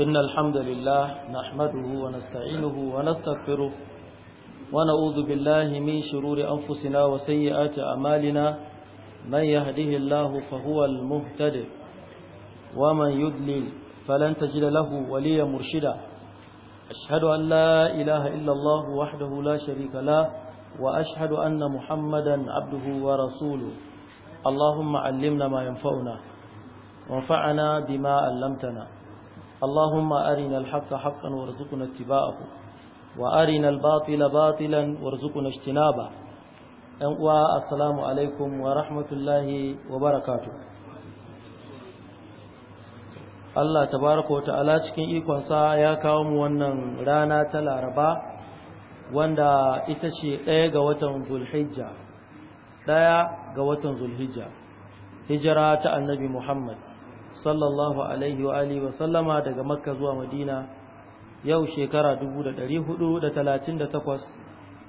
إن الحمد لله نحمده ونستعينه ونستغفره ونعوذ بالله من شرور أنفسنا وسيئات أمالنا من يهده الله فهو المهتد ومن يدلل فلن تجد له وليا مرشدا أشهد أن لا إله إلا الله وحده لا شريك له وأشهد أن محمدا عبده ورسوله اللهم علمنا ما ينفعنا وانفعنا بما علمتنا اللهم أرنا الحق حقا وارزقنا اتباعه وأرنا الباطل باطلا وارزقنا اجتنابه السلام عليكم ورحمة الله وبركاته Allah tabaraka wa ta'ala cikin ikonsa ya kawo mu wannan rana ta Laraba wanda ita ce ɗaya ga watan Zulhijja ɗaya ga watan Zulhijja hijira ta Annabi Muhammad sallallahu alaihi wa alihi wa sallama daga makka zuwa madina yau shekara 438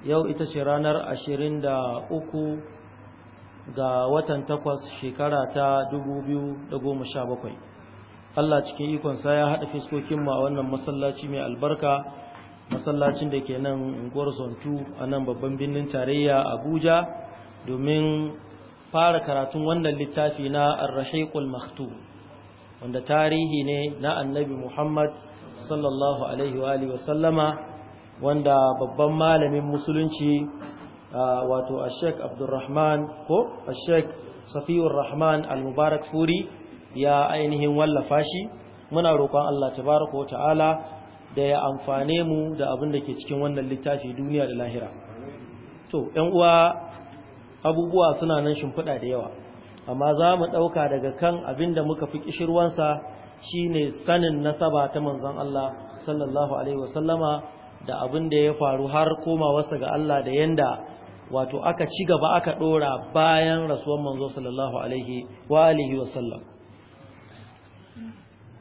yau ita ce ranar 23 ga watan 8 shekara ta 2017 Allah cikin ikonsa ya haɗa fiskokinmu a wannan masallaci mai albarka masallacin da ke nan unguwar zontu a nan babban birnin tarayya abuja domin fara karatun wannan littafi na arrahiqul maktub wanda tarihi ne na annabi Muhammad sallallahu alaihi wa sallama, wanda babban malamin musulunci wato Sheikh Abdurrahman ko Sheikh Safiyar Rahman Al-Mubarak Furi ya ainihin wallafa shi muna roƙon Allah tabaraka wa ta'ala da ya amfane mu da abin da ke cikin wannan littafi duniya da lahira to 'yan uwa abubuwa suna nan shimfiɗa da yawa amma za mu ɗauka daga kan abin da muka fi ƙishirwansa shi ne sanin nasaba ta manzon Allah sallallahu Alaihi wasallama da abin da ya faru har komawarsa ga Allah da yanda wato aka ci gaba aka ɗora bayan rasuwan manzo sallallahu Alaihi wa alihi wasallam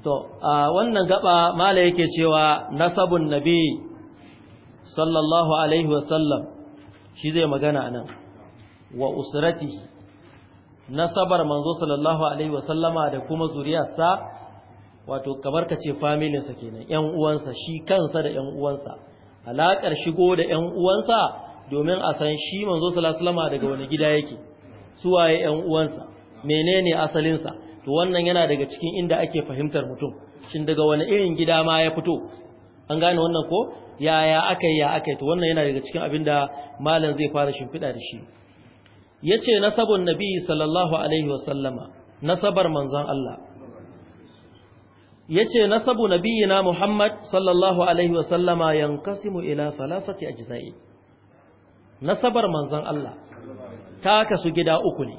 to a wannan gaba mala yake cewa nasabun nabi sallallahu Alaihi wasallam shi zai magana nan wa usratihi nasabar manzo sallallahu alaihi wasallama da kuma zuriyarsa wato kamar kace ce familinsa kenan ƴan uwansa shi kansa da ƴan uwansa alaƙar shigo da ƴan uwansa domin a san shi manzo sallallahu alaihi wasallama daga wani gida yake Su waye ƴan uwansa menene asalinsa to wannan yana daga cikin inda ake fahimtar mutum shin daga wani irin gida ma ya fito an gane wannan ko yaya akai ya akai to wannan yana daga cikin abin da malam zai fara shimfiɗa da shi yace nasabun nabi sallallahu alaihi wasallama nasabar manzon Allah yace nasabu nabiyina Muhammad sallallahu alaihi wasallama yankasimu ila salasati ajza'i nasabar manzon Allah ta kasu gida uku ne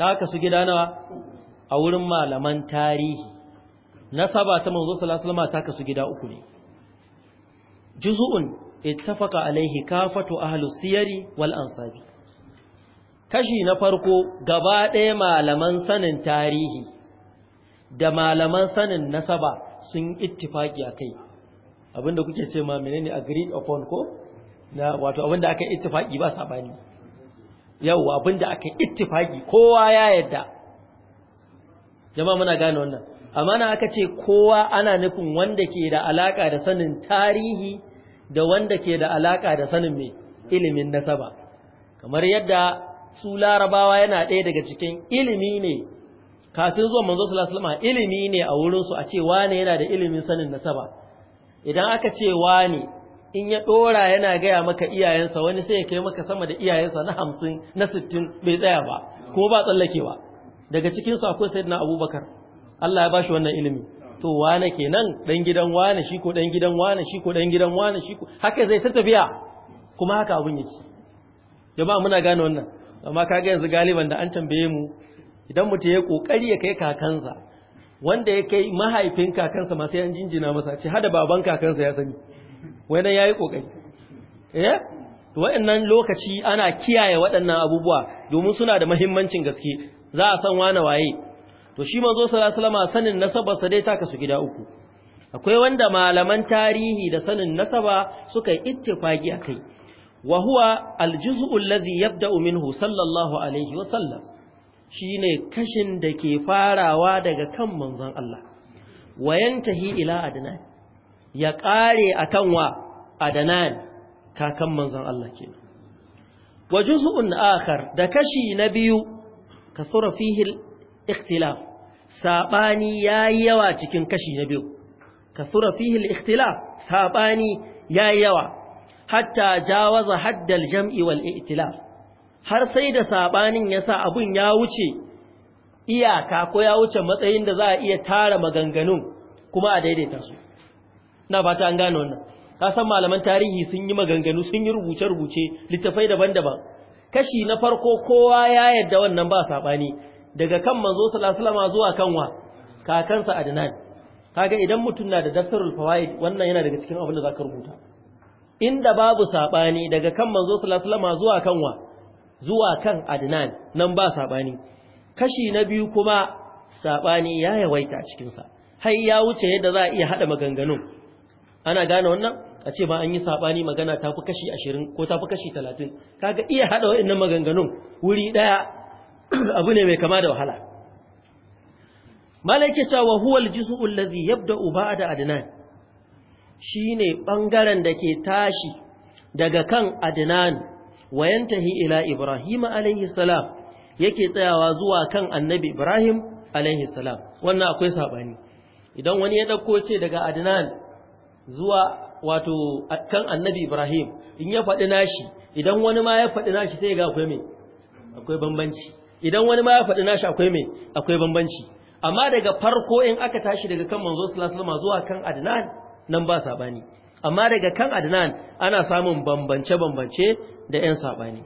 ta kasu gida na a wurin malaman tarihi nasaba ta manzo sallallahu alaihi wasallama ta kasu gida uku ne juz'un ittafaqa alaihi kafatu ahlus siyari wal ansabi kashi na farko gaba ɗaya malaman sanin tarihi da malaman sanin nasaba sun ittifaki akai abinda kuke ce ma menene agreed upon ko na wato abinda aka ittifaki ba sabani yau abinda aka ittifaki kowa ya yadda jama'a muna gane wannan na aka ce kowa ana nufin wanda ke da alaka da sanin tarihi da wanda ke da alaka da sanin mai ilimin nasaba kamar yadda su larabawa yana ɗaya daga cikin ilimi ne kafin zuwa manzo salama ilimi ne a wurinsu, a ce wane yana da ilimin sanin nasaba idan aka ce wane in ya ɗora yana gaya maka iyayensa wani sai ya kai maka sama da iyayensa na hamsin na sittin bai tsaya ba ko ba tsallakewa daga cikinsu su akwai na abubakar Allah ya bashi wannan ilimi to wane kenan dan gidan wane shi ko dan gidan wane shi ko dan gidan wane shi ko haka zai ta tafiya kuma haka abun yake jama'a muna gane wannan amma kaga yanzu galiban da an tambaye mu idan mutum ya kokari ya kai kakansa wanda ya kai mahaifin kakansa ma sai an jinjina masa ce hada baban kakansa ya sani wani ya yi kokari eh wa'annan lokaci ana kiyaye waɗannan abubuwa domin suna da muhimmancin gaske za a san wane waye to shi manzo sallallahu alaihi wasallam sanin nasabarsa dai ta kasu gida uku akwai wanda malaman tarihi da sanin nasaba suka yi ittifaki akai wa huwa aljuz'u alladhi yabda'u minhu sallallahu alaihi wasallam shine kashin da ke farawa daga kan manzon Allah wa yantahi ila adnan ya kare akan wa adnan kakan manzon Allah kenan wa juz'un akhar da kashi na biyu kasura fihi al-ikhtilaf saɓani ya yi yawa cikin kashi na biyu Ka tsura fihil ikhtila, saɓani ya yi yawa hatta jawaza haddal jam'i wal ikhtila, har sai da saɓanin ya sa abin ya wuce iyaka ko ya wuce matsayin da za a iya tara maganganun kuma a daidaita su na fata an gane wannan san malaman tarihi sun yi maganganu sun yi rubuce-rubuce littafai daban-daban kashi na farko kowa ya yadda wannan ba saɓani daga kan manzo sallallahu zuwa kanwa kakansa adnan kaga idan mutum na da daftarul fawaid wannan yana daga cikin abin da zaka rubuta inda babu sabani daga kan manzo sallallahu zuwa kanwa zuwa kan adnan nan ba sabani kashi na biyu kuma sabani ya yawaita a cikin sa har ya wuce yadda za a iya hada maganganun ana gane wannan a ce ba an yi sabani magana tafi kashi 20 ko tafi kashi 30 kaga iya hada wayannan maganganun wuri daya abu ne mai kama da wahala malai ke cewa huwal juz'ul ladhi yabda'u ba'da adnan shine bangaren da ke tashi daga kan adnan wayantahi ila ibrahim alayhi salam yake tsayawa zuwa kan annabi ibrahim alayhi salam wannan akwai sabani idan wani ya dauko ce daga adnan zuwa wato kan annabi ibrahim in ya faɗi nashi idan wani ma ya faɗi nashi sai ga akwai me akwai bambanci idan wani ma ya faɗi nashi akwai mai akwai bambanci amma daga farko in aka tashi daga kan manzo sallallahu zuwa kan adnan nan ba sabani amma daga kan adnan ana samun bambance bambance da yan sabani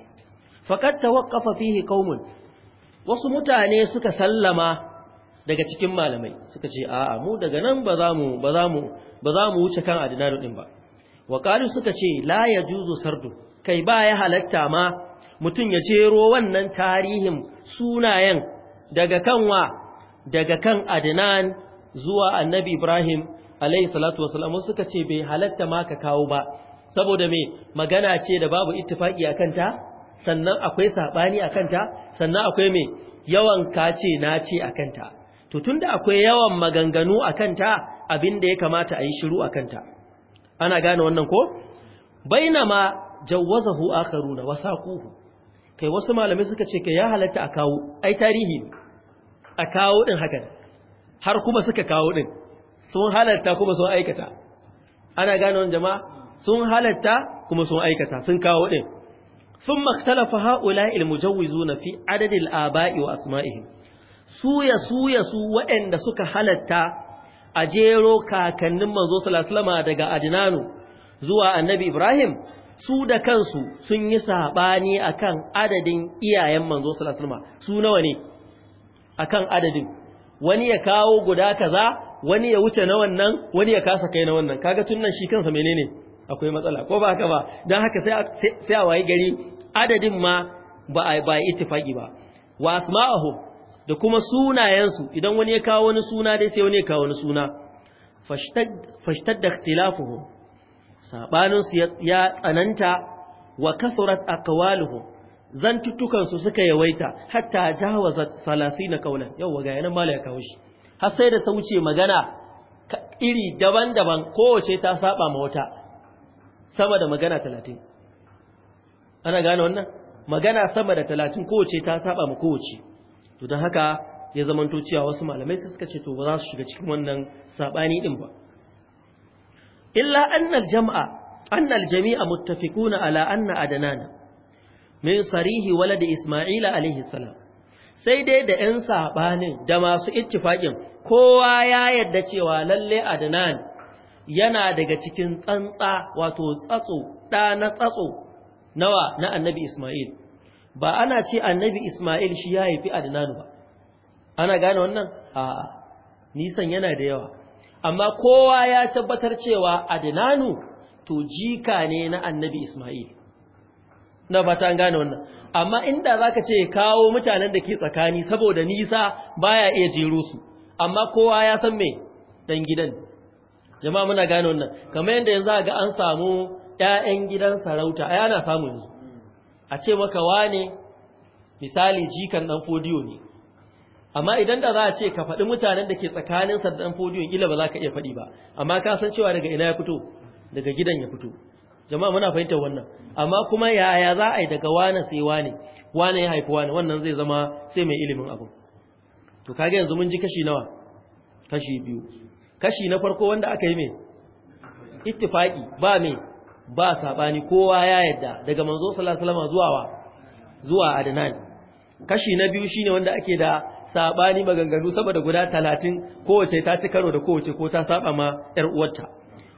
faqat tawaqqafa fihi qaumun wasu mutane suka sallama daga cikin malamai suka ce a'a mu daga nan ba za mu ba za mu ba za mu wuce kan adnan din ba wa qalu suka ce la yajuzu sardu kai ba ya halatta ma mutum ya jero wannan tarihin sunayen daga kanwa daga kan adnan zuwa annabi ibrahim alaihi salatu wasalam suka ce bai halatta ma ka kawo ba saboda me magana ce da babu ittifaki akan ta sannan akwai sabani akan ta sannan akwai me yawan kace na ce akan ta to tunda akwai yawan maganganu akan ta abin da ya kamata a yi shiru akan ta ana gane wannan ko bainama jawwazahu Wasa Kuhu kai wasu malamai suka ce kai ya halatta a kawo ai tarihi a kawo din hakan har kuma suka kawo ɗin. sun halatta kuma sun aikata ana gano jama'a sun halatta kuma sun aikata sun kawo din ثم اختلف هؤلاء المجوزون في عدد الآباء Aba'i wa سويا سو وإن su waɗanda suka halatta a صلى kakannin Manzo وسلم daga Adinanu zuwa Annabi Ibrahim? su da kansu sun yi saɓani a kan adadin iyayen manzo salasulma su nawa ne a kan adadin wani ya kawo guda kaza wani ya wuce na wannan wani ya kasa kai na wannan kaga tun nan shi kansa menene akwai matsala ko ba haka ba don haka sai a wayi gari adadin ma ba a yi itifaki ba Wasu ma'aho, da kuma sunayensu idan wani ya kawo wani suna dai sai wani ya kawo wani suna fashtad da ikhtilafuhum Saɓaninsu ya tsananta wa kasurat aqwaluhum su suka yawaita hatta jawaza na kaulan yawa ga yanan mala ya kawo shi har sai da ta wuce magana iri daban-daban kowace ta saba ma wata sama da magana 30 ana gane wannan magana sama da 30 kowace ta saba ma kowace to don haka ya zamanto cewa wasu malamai suka ce to ba za su shiga cikin wannan sabani din ba illa annal jama'a annal jami'a muttafiquna ala anna adanan min sarihi walad isma'ila alayhi salam sai dai da ɗan sabanin da masu ittifaqin kowa ya yarda cewa lalle adanan yana daga cikin tsantsa wato tsatso da na tsatso nawa na annabi isma'il ba ana ce annabi isma'il shi ya haifi adnan ba ana gane wannan a'a nisan yana da yawa amma kowa ya tabbatar cewa adinanu to jika ne na annabi ismail na fata ta gane wannan amma inda za ka ce kawo mutanen da ke tsakani saboda nisa baya iya jero su amma kowa ya san me dan gidan jama'a muna gane wannan kamar yadda yanzu ga an samu 'ya'yan gidan sarauta ai ana samu yanzu a ce maka wane misali jikan dan fodiyo ne amma idan da za a ce ka faɗi mutanen da ke tsakanin ɗan fodiyon kila ba za ka iya faɗi ba amma ka san cewa daga ina ya fito daga gidan ya fito jama'a muna fahimtar wannan amma kuma yaya za a yi daga wane sai wane wane ya haifi wane wannan zai zama sai mai ilimin abu to kage yanzu mun ji kashi nawa kashi biyu kashi na farko wanda aka yi mai ittifaki ba mai ba sabani kowa ya yadda daga manzo sallallahu alaihi wasallam zuwa wa zuwa adnan kashi na biyu shine wanda ake da sabani maganganu saboda guda talatin kowace ta ci karo da kowace ko ta saba ma yar uwarta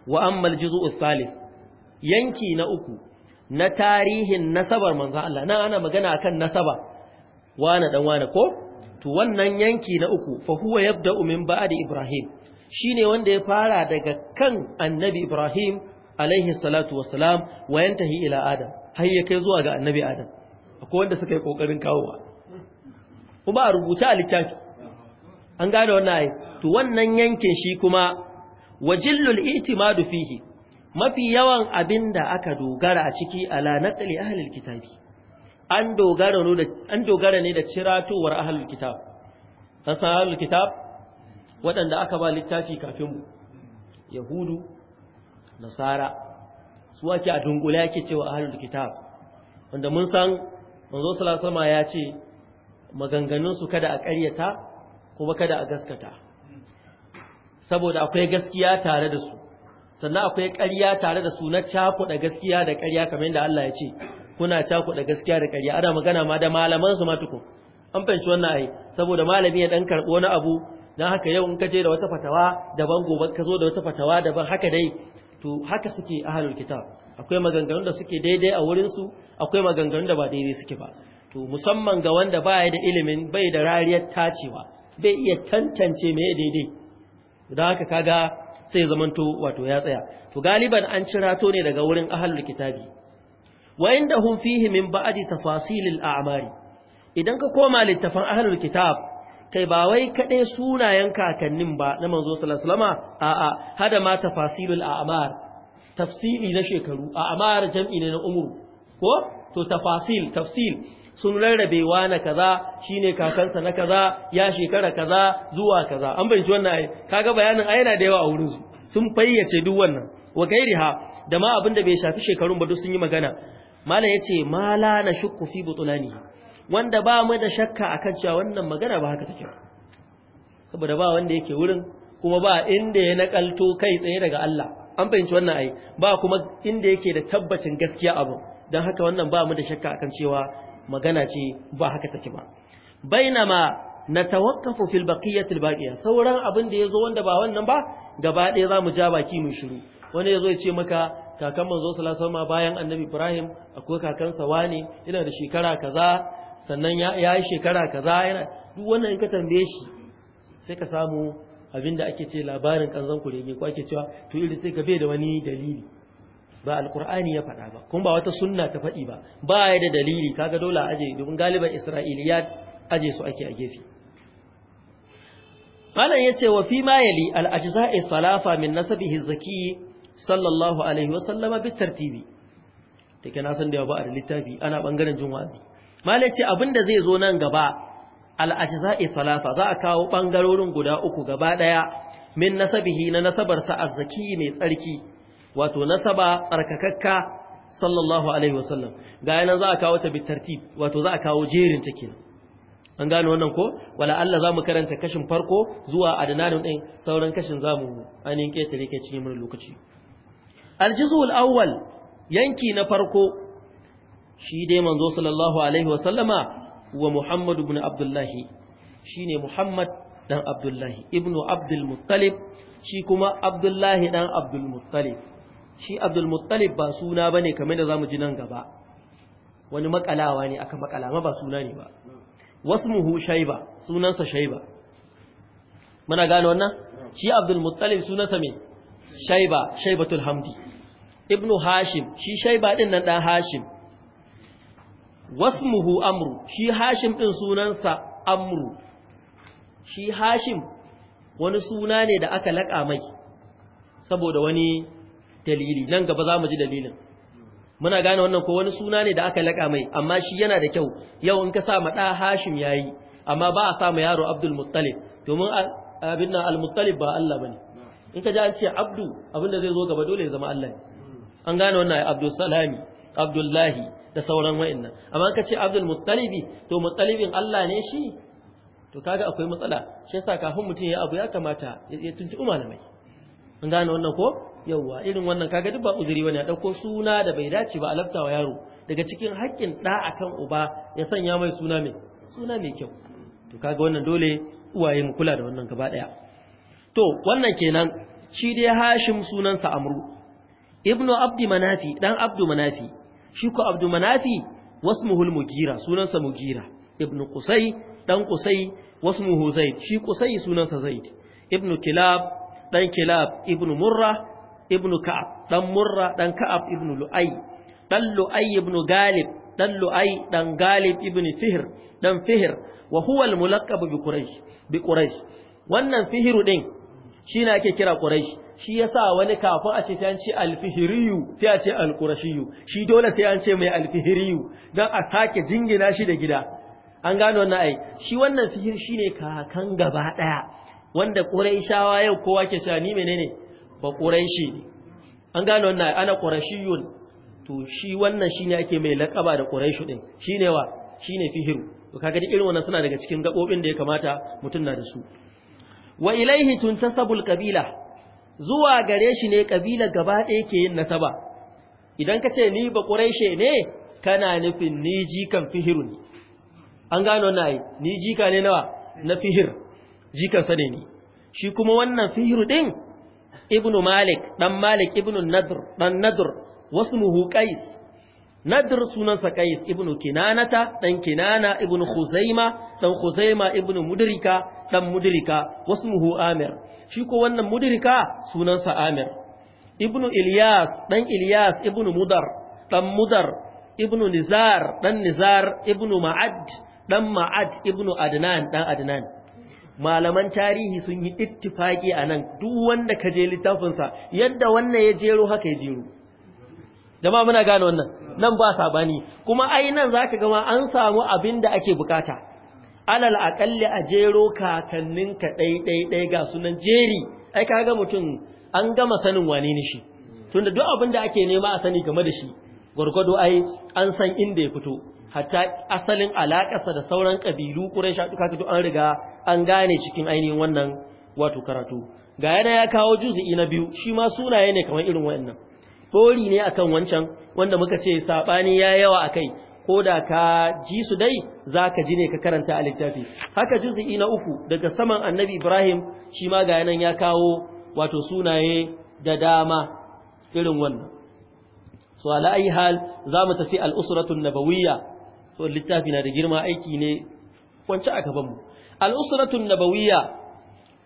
wa ammal juz'u thalith yanki na uku na tarihin nasabar manzo Allah nan ana magana akan nasaba wana dan wana ko to wannan yanki na uku fa huwa yabda'u min ba'di ibrahim shine wanda ya fara daga kan annabi ibrahim alaihi salatu wassalam wa yantahi ila adam har ya kai zuwa ga annabi adam akwai wanda suka yi kokarin kawowa kuma a rubuta a littafi an gane wannan ai to wannan yankin shi kuma wajillul itimadu fihi mafi yawan abinda aka dogara a ciki ala naqli ahlil kitabi an dogara ne da an dogara ne da ciratowar ahlul kitab an san ahlul kitab waɗanda aka ba littafi kafin mu yahudu nasara su ake a dungula yake cewa ahlul kitab wanda mun san manzo sallallahu alaihi wasallam ya ce maganganunsu kada a ƙaryata kuma kada a gaskata saboda akwai gaskiya tare da su sannan akwai ƙarya tare da su na cakuɗa gaskiya da ƙarya kamar yadda Allah ya ce kuna cakuɗa gaskiya da ƙarya ana magana ma da malaman su matuku an fahimci wannan ai saboda malami ya dan karɓi wani abu dan haka yau in ka je da wata fatawa daban gobe ka zo da wata fatawa daban haka dai to haka suke ahlul kitab akwai maganganun da suke daidai a wurin su akwai maganganun da ba daidai suke ba to musamman ga wanda baya da ilimin bai da rariyar tacewa bai iya tantance mai daidai don haka kaga sai zamanto wato ya tsaya to galiban an to ne daga wurin ahlul kitabi wa indahum fihi min ba'di tafasilil a'mari idan ka koma littafin ahlul kitab kai ba wai kaɗai sunayen kakannin ba na manzo salasalama a a hada ma tafasilul a'mar tafsili na shekaru a'mar jam'i ne na umru ko to tafasil tafsil sun rarrabewa na kaza shine kakansa na kaza ya shekara kaza zuwa kaza an bayyana wannan ai kaga bayanin ai yana da yawa a wurin su sun fayyace duk wannan wa gairiha da ma abinda bai shafi shekarun ba duk sun yi magana malam yace mala na shukku fi butulani wanda ba mu da shakka akan cewa wannan magana ba haka take saboda ba wanda yake wurin kuma ba inda ya nakalto kai tsaye daga Allah an fahimci wannan ai ba kuma inda yake da tabbacin gaskiya abu don haka wannan ba mu da shakka akan cewa magana ce ba haka take ba bainama natawaqqafu fil baqiyatil baqiya sauran abin da yazo wanda ba wannan ba gaba ɗaya zamu ja baki mu shiru wani yazo ya ce maka kakan manzo sallallahu alaihi wasallam bayan annabi Ibrahim akwai kakansa wane. yana da shekara kaza sannan ya yi shekara kaza yana duk wannan in ka tambaye shi sai ka samu abinda ake ce labarin kanzan kurege ko ake cewa to irin sai ka bai da wani dalili ba alkur'ani ya faɗa ba kuma ba wata sunna ta faɗi ba ba ya da dalili kaga dole a aje dubin galiban isra'iliya aje su ake a gefe malam yace wa fi ma yali al ajza'i salafa min nasabihi zaki sallallahu alaihi wa sallama bi tartibi take na san da ba a da littafi ana bangaren jin wazi malam yace abinda zai zo nan gaba al ajza'i salafa za a kawo bangarorin guda uku gaba daya min nasabihi na nasabarsa zaki mai tsarki wato nasaba tsarkakakka sallallahu alaihi wasallam ga yanan za a kawo ta bitartib wato za a kawo jerin ta kenan an gane wannan ko wala Allah zamu karanta kashin farko zuwa adnanun din sauran kashin zamu anin ketare ke cikin mun lokaci aljuzul awwal yanki na farko shi dai manzo sallallahu alaihi wasallama wa Muhammad ibn Abdullah shine Muhammad dan Abdullah ibnu Abdul Muttalib shi kuma Abdullah dan Abdul Muttalib shi abdulmuttalib ba suna ba ne kamar da za mu ji nan gaba wani makalawa ne aka makalama ba suna ne ba wasu muhu shaiba sunansa shaiba muna gane wannan shi abdulmuttalib sunansa mai shaiba shaibatul hamdi ibnu hashim shi shaiba din nan dan hashim wasu muhu amru shi hashim din sunansa amru shi hashim wani suna ne da aka laƙa mai saboda wani dalili nan gaba za mu ji dalilin muna gane wannan ko wani suna ne da aka laka mai amma shi yana da kyau yau in ka sa ma ɗa hashim yayi amma ba a sa ma yaro abdul muttalib domin abin nan al muttalib ba Allah bane in ka ji an ce abdu abin da zai zo gaba dole ya zama Allah ne an gane wannan ai abdul salami abdullahi da sauran wa'annan amma ka ce abdul muttalibi to muttalibin Allah ne shi to kaga akwai matsala shi yasa kafin mutum ya abu ya kamata ya tuntuɓi malamai an gane wannan ko yauwa irin wannan kaga duk ba uzuri bane a dauko suna da bai dace ba a laftawa yaro daga cikin haƙƙin ɗa akan uba ya sanya mai suna mai suna mai kyau to kaga wannan dole uwaye mu kula da wannan gaba daya to wannan kenan shi dai Hashim sunansa Amru ibnu Abdi Manafi dan Abdu Manafi shi ko Abdu Manafi wasmuhul Mugira sunansa Mugira ibnu Qusay dan Qusay wasmuhu Zaid shi Qusay sunansa Zaid ibnu Kilab dan Kilab ibnu Murra ibnu ka'ab dan murra dan ka'ab ibnu lu'ay dan lu'ay ibnu galib dan lu'ay dan galib ibnu fihr dan fihr wa huwa al-mulaqqab bi bi wannan fihiru din shi ne ake kira quraish shi yasa wani kafin a ce sai an ce al-fihriyu sai a ce al shi dole sai an ce mai al-fihriyu dan a sake jingina shi da gida an gano wannan ai shi wannan fihir shine kakan gaba daya wanda quraishawa yau kowa ke cewa ni menene ba ƙuraishi ne an gano wannan ana yun to shi wannan shi ne ake mai laƙaba da ƙuraishi ɗin shi ne wa shi ne fihiru to kaga duk irin wannan suna daga cikin gaɓoɓin da ya kamata mutum na da su wa ilaihi tun sabul ƙabila zuwa gare shi ne ƙabila gaba ɗaya ke yin nasaba idan ka ce ni ba ƙuraishi ne kana nufin ni jikan fihiru ne an gano na yi ni jika ne nawa na fihir jikan ne shi kuma wannan fihiru ɗin ibnu malik ɗan malik ibnu nadr dan nadr muhu qais nadr sunansa qais ibnu kinanata dan kinana ibnu khuzaima dan khuzaima ibnu mudrika ɗan mudrika muhu amir shi ko wannan mudrika sunansa amir ibnu ilyas dan ilyas ibnu mudar ɗan mudar ibnu nizar dan nizar ibnu ma'ad ɗan ma'ad ibnu adnan ɗan adnan malaman tarihi sun yi ittifaki a nan duk wanda ka je littafinsa yadda wannan ya jero haka ya jero jama muna gane wannan nan ba sabani kuma ai nan zaka ga ma an samu abin da ake bukata alal aqalli a jero kakannin ka dai dai dai ga sunan jeri ai kaga mutum an gama sanin wane ne shi tunda duk abin da ake nema a sani game da shi gurgudu ai an san inda ya fito hatta asalin alaƙarsa da sauran ƙabilu ƙuraisha duka ka an riga an gane cikin ainihin wannan wato karatu ga yana ya kawo juzu'i na biyu shi ma sunaye ne kamar irin wannan Bori ne akan wancan wanda muka ce sabani ya yawa a kai, ko da ka ji su dai za ka ji ne ka karanta a littafi haka juzu'i na uku daga saman annabi Ibrahim shi ma ga yanan ya kawo wato sunaye da dama irin wannan so ala ayi hal mu tafi al nabawiyya so littafi na da girma aiki ne kwanci a mu? al'usuratun nabawiyya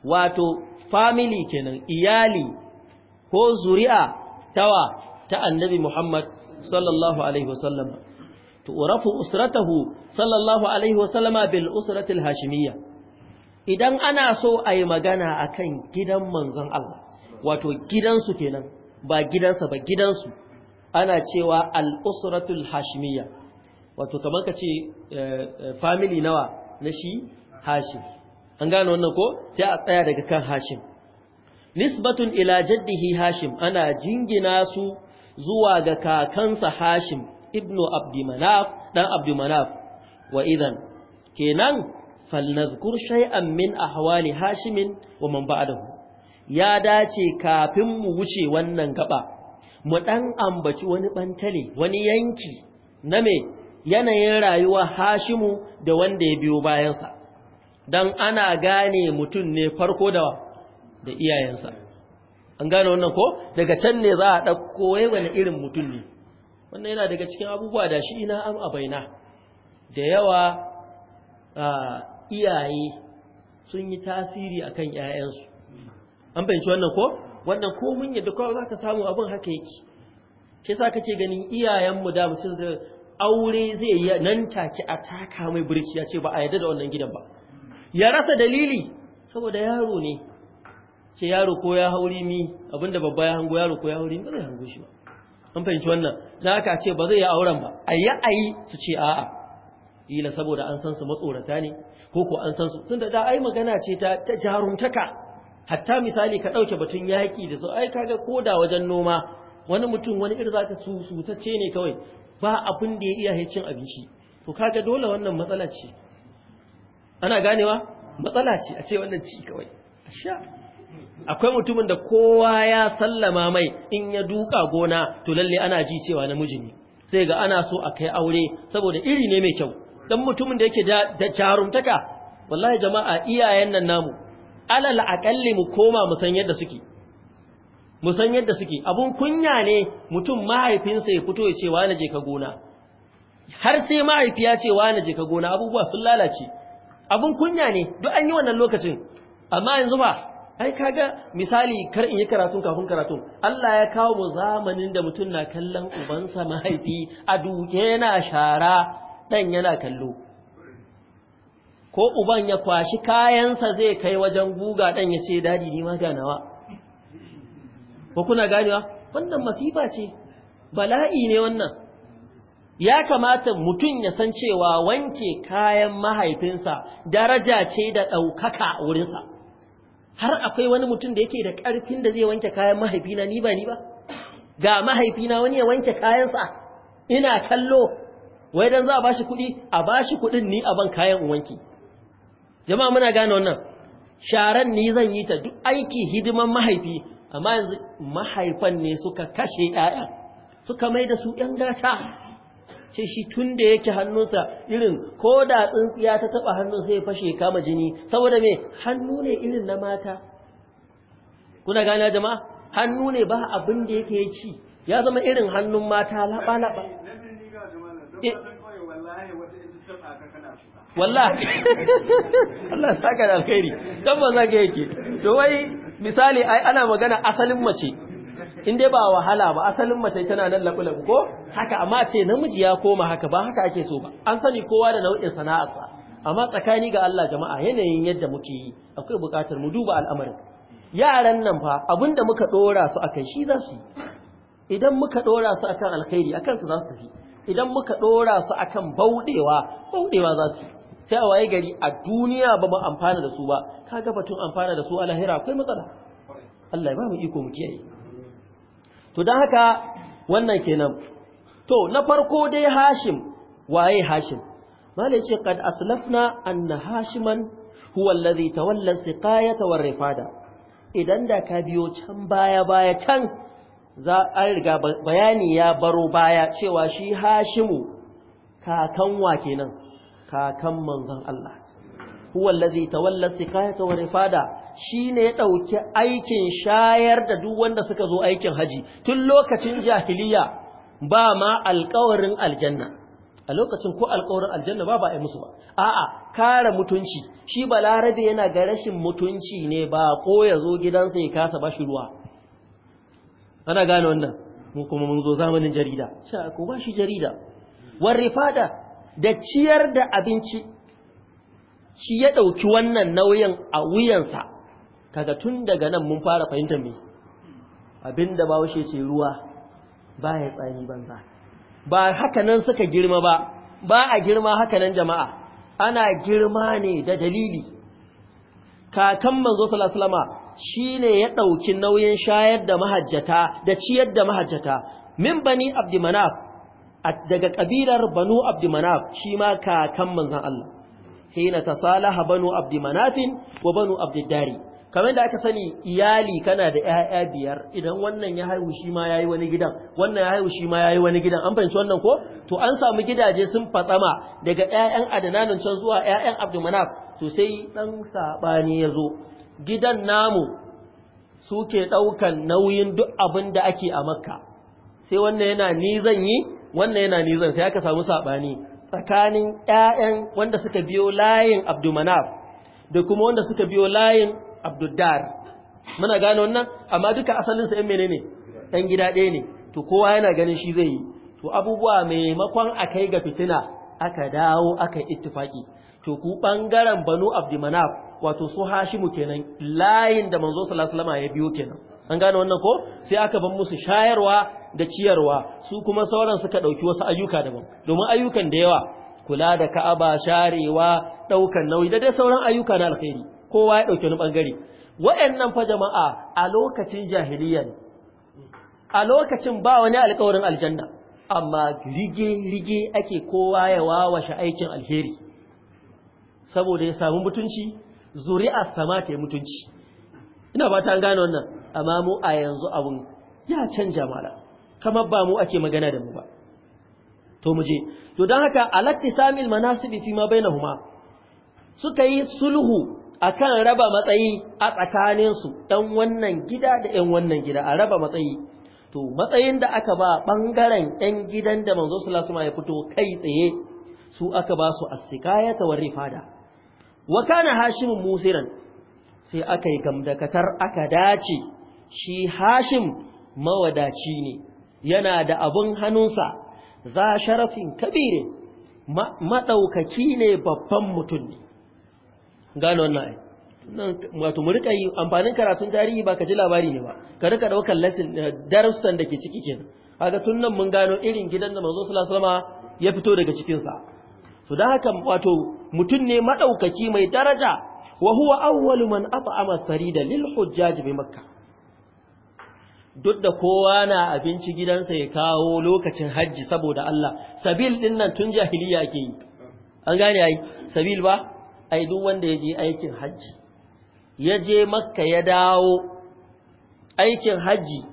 wato famili kenan iyali ko zuri'a tawa ta annabi muhammad sallallahu alaihi wasallam urafu usratahu sallallahu alaihi wasallama bil al hashimiyya idan ana so ayi magana akan gidan manzon Allah wato gidansu kenan ba gidansa ba gidansu ana cewa al-usratul hashimiyya wato kamar ka ce eh, eh, family nawa na shi hashim an gane wannan ko sai a tsaya daga kan hashim nisbatun ila jaddihi hashim ana jingina su zuwa ga kakansa hashim ibnu abdimanaf dan abdimanaf wa idan kenan falnazkur shay'an min ahwali hashimin wa man ba'dahu ya dace kafin mu wuce wannan gaba mu dan ambaci wani bantale wani yanki na me yanayin rayuwa hashimu da wanda ya biyo bayansa don ana gane mutum ne farko da da iyayensa an gane wannan ko daga can ne za a ɗauko wani irin mutum ne wannan yana daga cikin abubuwa da shi ina am abaina da yawa iyaye sun yi tasiri akan 'ya'yansu an fahimci wannan ko wannan ko mun yadda kawai za ka samu abin haka yake ke sa kake ganin iyayenmu da mutum aure zai yi nan take a taka mai birki ya ce ba a yadda da wannan gidan ba ya rasa dalili saboda yaro ne ce yaro ko ya hauri mi abinda babba ya hango yaro ko ya hauri ba zai hango shi ba an fahimci wannan na aka ce ba zai yi auren ba a yi a yi su ce a'a ila saboda an san su matsorata ne ko ko an san su tun da da ai magana ce ta ta jaruntaka hatta misali ka dauke batun yaki da su ai kaga koda wajen noma wani mutum wani irin zaka su su sutacce ne kawai ba abin da ya iya cin abinci to kaga dole wannan matsala ce ana ganewa matsala ce a ce wannan ci kawai sha akwai mutumin da kowa ya sallama mai in ya duka gona to lalle ana ji cewa namiji ne sai ga ana so a kai aure saboda iri ne mai kyau dan mutumin da yake da jarumtaka wallahi jama'a iyayen nan namu alal aqalli mu koma mu san yadda suke musan yadda suke abun kunya ne mutum mahaifinsa ya fito ya ce wa naje ka gona har sai mahaifi ya ce wa naje ka gona abubuwa sun lalace abun kunya ne duk an yi wannan lokacin amma yanzu ba ai kaga misali kar in yi karatu kafin karatu. Allah ya kawo mu zamanin da mutum na kallon ubansa mahaifi a duke yana shara dan yana kallo ko uban ya kwashi kayansa zai kai wajen guga dan ya ce dadi ni ma ganawa ko kuna ganewa wannan masifa ce bala'i ne wannan ya kamata mutum ya san cewa wanke kayan mahaifinsa daraja ce da ɗaukaka wurinsa har akwai wani mutum da yake da karfin da zai wanke kayan mahaifina ni ba ni ba ga mahaifina wani ya wanke kayansa ina kallo wai dan za a bashi kuɗi a bashi kuɗin ni a ban kayan wanki jama'a muna gane wannan sharan ni zan yi ta duk aiki hidiman mahaifi amma yanzu mahaifan ne suka kashe ɗaya, suka mai da su ‘yan gata ce shi tun da yake hannunsa irin ko da tsintsiya ta taɓa hannun sai fashe kama jini saboda mai hannu ne irin na mata kuna gane jama hannu ne ba abin da yake ci ya zama irin hannun mata laɓa-laɓa eh. wallahi Allah saka da alkhairi don ba za yake to wai misali ai ana magana asalin mace in dai ba wahala ba asalin mace tana nan labulabu ko haka amma ce namiji ya koma haka ba haka ake so ba an sani kowa da nau'in sana'arsa amma tsakani ga Allah jama'a yanayin yadda muke yi akwai buƙatar mu duba al'amarin yaran nan fa abinda muka dora su akan shi za su yi idan muka dora su akan alkhairi akan su za su tafi idan muka dora su akan baudewa baudewa za su yi sai a waye gari a duniya ba mu amfana da su ba kaga batun amfana da su a lahira akwai matsala Allah ya ba mu iko mu kiyaye to dan haka wannan kenan to na farko dai Hashim waye Hashim malai ce kad aslafna anna Hashiman huwa alladhi tawalla siqayata war rifada idan da ka biyo can baya baya can za a riga bayani ya baro baya cewa shi Hashimu kakan wa kenan kakan manzon Allah huwa allazi tawalla siqayata wa rifada shine ya dauki aikin shayar da duk wanda suka zo aikin haji tun lokacin jahiliya ba ma alƙawarin aljanna a lokacin ko alƙawarin aljanna ba ba a yi musu ba a'a kare mutunci shi balarabe yana ga rashin mutunci ne ba ko ya zo gidansa ya kasa ba shi ruwa ana gane wannan mu kuma mun zo zamanin jarida sha ko ba shi jarida war rifada da ciyar da abinci shi ya ɗauki wannan nauyin a wuyansa kaga tun daga nan mun fara fahimtar me da ba washe ce ruwa ba ya tsani banza ba haka nan suka girma ba ba a girma haka nan jama'a ana girma ne da dalili kakan manzo salama shi ne ya ɗauki nauyin shayar da mahajjata da ciyar da mahajjata min bani Abdi Manaf. daga kabilar banu abdumanaf shi ma kakan manzan Allah hina salaha banu abdumanafin wa banu dari. kamar da aka sani iyali kana da ƴaƴa biyar idan wannan ya haihu shi ma yayi wani gidan wannan ya haihu shi ma yayi wani gidan an fahimci wannan ko to an samu gidaje sun fatsama daga ƴaƴan adananan can zuwa ƴaƴan abdumanaf to sai dan sabani yazo gidan namu suke daukan nauyin duk abin da ake a makka sai wannan yana ni zan yi wannan yana nizan sai aka samu sabani tsakanin ƴaƴan wanda suka biyo layin Abdulmanaf da kuma wanda suka biyo layin Abduddar muna gane wannan amma duka asalin sa ɗan menene ɗan gida ɗaya ne to kowa yana ganin shi zai yi to abubuwa maimakon a kai ga fitina aka dawo aka ittifaki to ku bangaren Banu Abdulmanaf wato su Hashimu kenan layin da manzo sallallahu alaihi wasallam ya biyo kenan an gane wannan ko sai aka ban musu shayarwa da ciyarwa su kuma sauran suka ɗauki wasu ayyuka daban domin ayyukan da yawa kula da ka'aba sharewa ɗaukan nauyi da dai sauran ayyuka na alkhairi kowa ya ɗauki wani bangare wa'annan fa jama'a a lokacin jahiliya ne a lokacin ba wani alƙawarin aljanna amma rige-rige ake kowa ya wawashe aikin alheri saboda ya samu mutunci zuri'a sama ta yi mutunci ina ba ta gane wannan amma mu a yanzu abun ya canja mala kamar ba mu ake magana da mu ba to mu to don haka alattisamil manasibi fi ma bainahuma suka yi sulhu akan raba matsayi a tsakaninsu ɗan wannan gida da ɗan wannan gida a raba matsayi to matsayin da aka ba ɓangaren ɗan gidan da manzo sallallahu ya fito kai tsaye su aka ba su as-sikayata war rifada wa kana hashim musiran sai aka yi gamdakatar aka dace shi hashim mawadaci ne yana da abun hannunsa za sharafin kabirin maɗaukaki ne babban mutum ne gano wannan wato mu rika yi amfanin karatun tarihi ba ka ji labari ne ba ka rika daukar lesson eh, darussan da ke ciki kenan haka tun nan mun gano irin gidan da manzo ya fito daga cikinsa. sa da haka wato mutum ne maɗaukaki mai daraja wa huwa awwalu man at'ama sarida lil hujjaj bi makkah duk da kowa na abinci gidansa ya kawo lokacin hajji saboda Allah sabil din nan tun jahiliya ke yi an gane ai sabil ba ai duk wanda ya je aikin hajji ya je makka ya dawo aikin hajji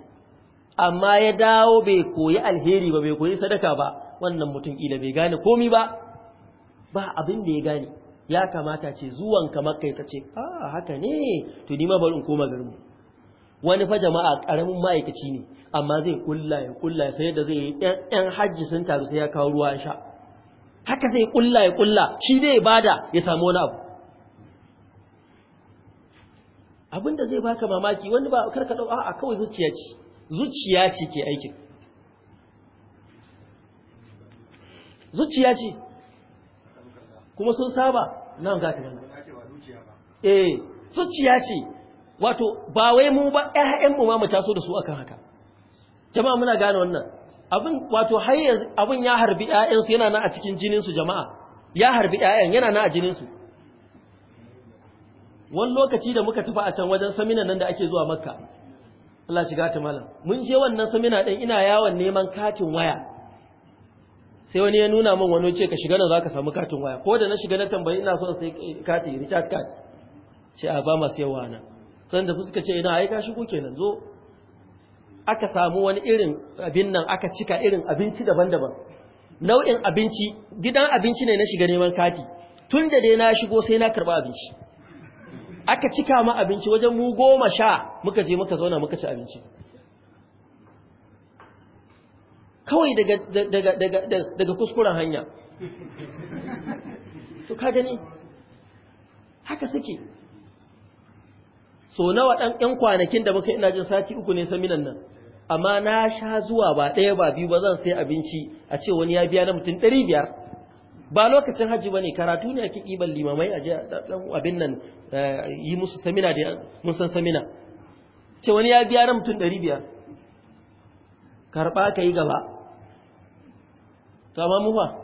amma ya dawo bai koyi alheri ba bai koyi sadaka ba wannan mutum ila bai gane komi ba ba abin da ya gane ya kamata ce zuwanka makka ya ce a ah, haka ne to ni ma bari in koma garin mu. wani fa jama'a karamin ma'aikaci ne amma zai kulla ya kulla sai da zai yan hajji sun taru sai ya kawo ruwa sha haka zai kulla ya kulla shi ya bada ya samu wani abu abinda zai baka mamaki wani ba karka dau a'a kawai zuciya ce zuciya ce ke aikin zuciya ce kuma sun saba nan ga ta nan eh zuciya ce wato ba wai mu ba ƴaƴanmu ma mu taso da su akan haka jama'a muna gane wannan abin wato har yanzu abin ya harbi su yana nan a cikin jinin su jama'a ya harbi ƴaƴan yana nan a jinin su wani lokaci da muka tafi a can wajen samina nan da ake zuwa makka Allah shiga ta malam mun je wannan samina din ina yawon neman katin waya sai wani ya nuna min wani ce ka shiga nan zaka samu katin waya ko da na shiga na tambayi ina so sai kati recharge card ce a ba masu yawa nan sun tafi suka ce ina ai ka shigo kenan zo aka samu wani irin abin nan aka cika irin abinci daban-daban nau'in abinci gidan abinci ne na shiga neman kati tun da dai na shigo sai na karba abinci aka cika ma abinci wajen mu goma sha muka je muka zauna muka ci abinci kawai daga kuskuren hanya to ka gani haka suke so nawa ɗan ƴan kwanakin da muka ina jin sati uku ne saminan nan amma na sha zuwa ba ɗaya ba biyu ba zan sai abinci a ce wani ya biya na mutum ɗari biyar ba lokacin hajji ba ne karatu ne ake ɗiban limamai a ɗan abin nan eh, yi musu samina da mun san samina ce wani ya biya na mutum ɗari biyar karɓa ka yi gaba to amma mu ba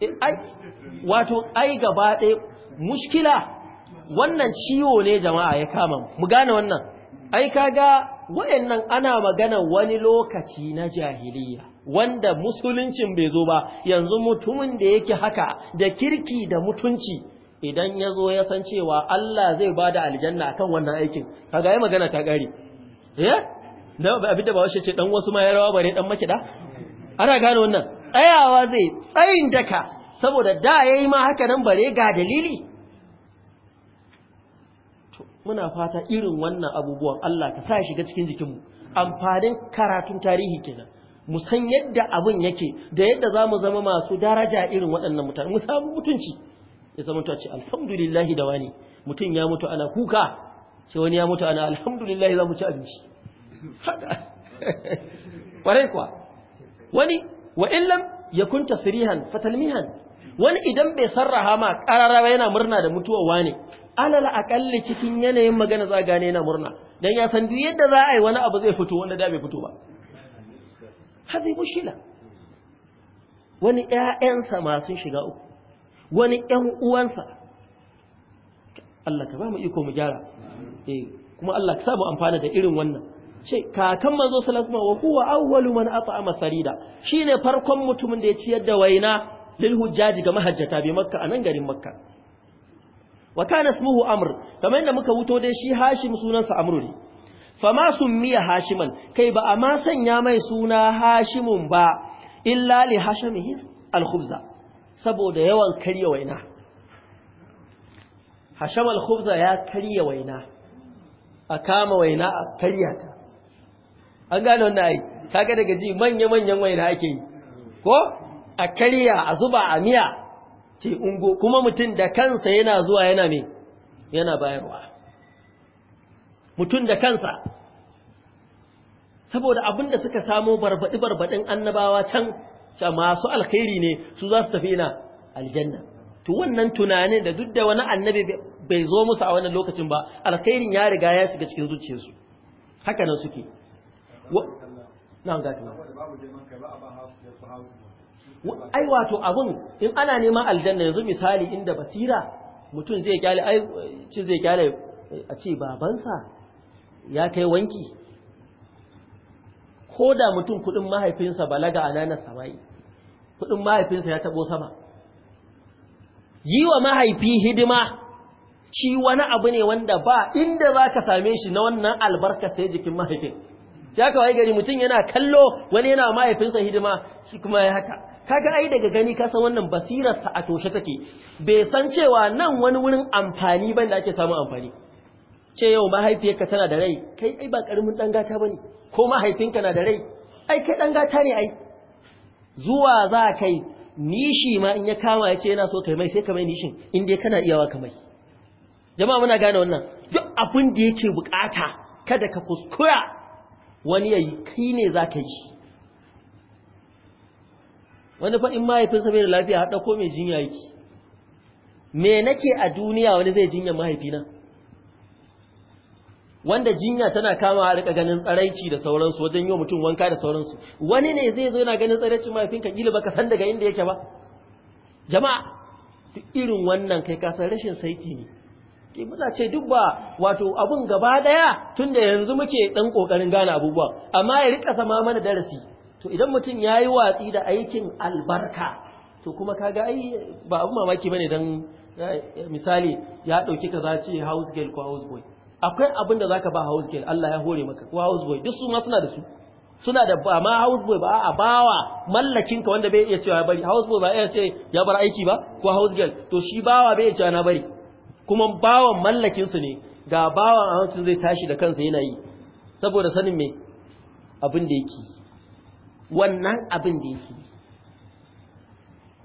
eh, ai wato ai gaba ɗaya mushkila wannan ciwo ne jama'a ya kama mu gane wannan ai kaga wayannan ana magana wani lokaci na jahiliya wanda musuluncin bai zo ba yanzu mutumin da yake haka da kirki da mutunci idan ya zo ya san cewa Allah zai bada da aljanna akan wannan aikin kaga ai magana ta kare eh na abin da ba washe ce dan wasu ma ya rawa bare dan makida ana gane wannan tsayawa zai tsayin daka saboda da yayi ma haka nan bare ga dalili muna fata irin wannan abubuwan Allah ka sa shiga cikin jikinmu amfanin karatun tarihi kenan mu san yadda abin yake da yadda za mu zama masu daraja irin waɗannan mutane mu samu mutunci ya zama ta ce alhamdulillahi da wani mutum ya mutu ana kuka ce wani ya mutu ana alhamdulillahi za mu ci abinci ƙwarai kuwa wani wa illam ya kunta sirihan fatalmihan wani idan bai sarraha ma ƙararrawa yana murna da mutuwa wani. alal aƙalla cikin yanayin magana za gane na murna don ya san duk yadda za a yi wani abu zai fito wanda da bai fito ba hadi mushila wani ƴaƴansa masu shiga uku wani ƴan uwansa Allah ka ba mu iko mu gyara eh kuma Allah ka sa mu amfana da irin wannan ce kakan manzo sallallahu alaihi wasallam wa huwa awwalu man at'ama sarida shine farkon mutumin da ya ciyar da waina lil hujjaji ga mahajjata bi makka anan garin makka wa kana ismuhu amr kamar yadda muka wuto dai shi hashim sunansa amru ne fama summiya hashiman kai ba a ma sanya mai suna hashimun ba illa li hashamihi al-khubza saboda yawan karya waina hasham al-khubza ya karya waina a kama waina a karya ta an gane wannan ai kaga daga ji manya manyan waina ake yi ko a karya a zuba a miya ce ungo kuma mutum da kansa yana zuwa yana me yana bayarwa mutum da kansa saboda abinda suka samo barbaɗi barbaɗin annabawa can masu alkhairi ne su za su tafi na aljanna to wannan tunanin da duk da wani annabi bai zo musu a wannan lokacin ba alkhairin ya riga ya shiga cikin zuciyarsu haka nan suke nan ai wato abun in ana neman aljanna yanzu misali inda basira mutum zai kyale ai ci zai kyale a ce babansa ya kai wanki ko da mutum kudin mahaifinsa balaga nanar samayi kudin mahaifinsa ya tabo sama yi wa mahaifi hidima shi wani abu ne wanda ba inda za ka same shi na wannan albarka sai jikin mahaifin ya kawai gari mutum yana kallo wani yana mahaifinsa hidima shi kuma ya haka kaga ai daga gani ka san wannan basirar sa a toshe take bai san cewa nan wani wurin amfani bane da ake samu amfani ce yau mahaifiyarka tana da rai kai ai ba karamin dan gata bane ko mahaifinka na da rai ai kai dan gata ne ai zuwa za kai nishi ma in ya kama ya ce yana so kai mai sai ka mai nishin in dai kana iyawa ka mai jama'a muna gane wannan duk abin da yake bukata kada ka kuskura wani yayi kai ne za ka yi wani faɗin mahaifinsa bai da lafiya haɗa ko mai jinya yake me nake a duniya wani zai jinya mahaifina wanda jinya tana kama a rika ganin tsaraici da sauransu wajen yi mutum wanka da sauransu wani ne zai zo yana ganin tsaraici mahaifinka kila baka san daga inda yake ba jama'a duk irin wannan kai ka rashin saiti ne ke muna ce duk ba wato abun gaba daya tunda yanzu muke dan kokarin gane abubuwa amma ya rika sama mana darasi to idan mutum ya yi watsi da aikin albarka to kuma kaga ai ba abu mamaki bane don eh, misali ya dauki kaza ce house girl ko house boy akwai abin da za ka ba house girl Allah ya hore maka ko house boy duk su ma suna da su suna da ba ma house boy ba a bawa mallakin ka wanda bai iya cewa ya bari house boy ba iya ce ya bar aiki ba ko house girl to shi bawa bai iya cewa na bari kuma bawan mallakin su ne ga bawan a hancin zai tashi da kansa yana yi saboda sanin me abin da yake wannan abin da yake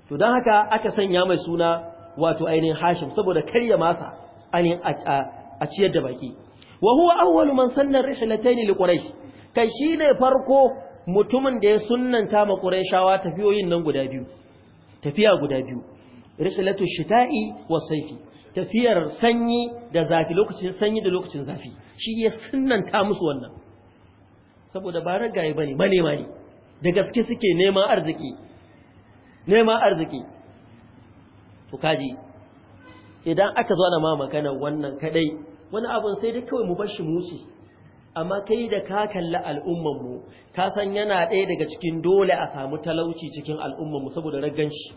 to don haka aka sanya mai suna wato ainihin hashim saboda karya masa a ciyar da baki wa huwa awwalu man sanna rihlatayn li quraish kai shine farko mutumin da ya sunnanta ma quraishawa tafiyoyin nan guda biyu tafiya guda biyu rihlatu shita'i wa sayfi tafiyar sanyi da zafi lokacin sanyi da lokacin zafi shi ya sunnanta musu wannan saboda ba ragaye bane manema ne da gaske suke neman arziki neman arziki to kaji idan aka zo ana ma magana wannan kadai wani abun sai dai kawai mu bar shi musu amma kai da ka kalli al'umman mu ka san yana ɗaya daga cikin dole a samu talauci cikin al'umman mu saboda ragganci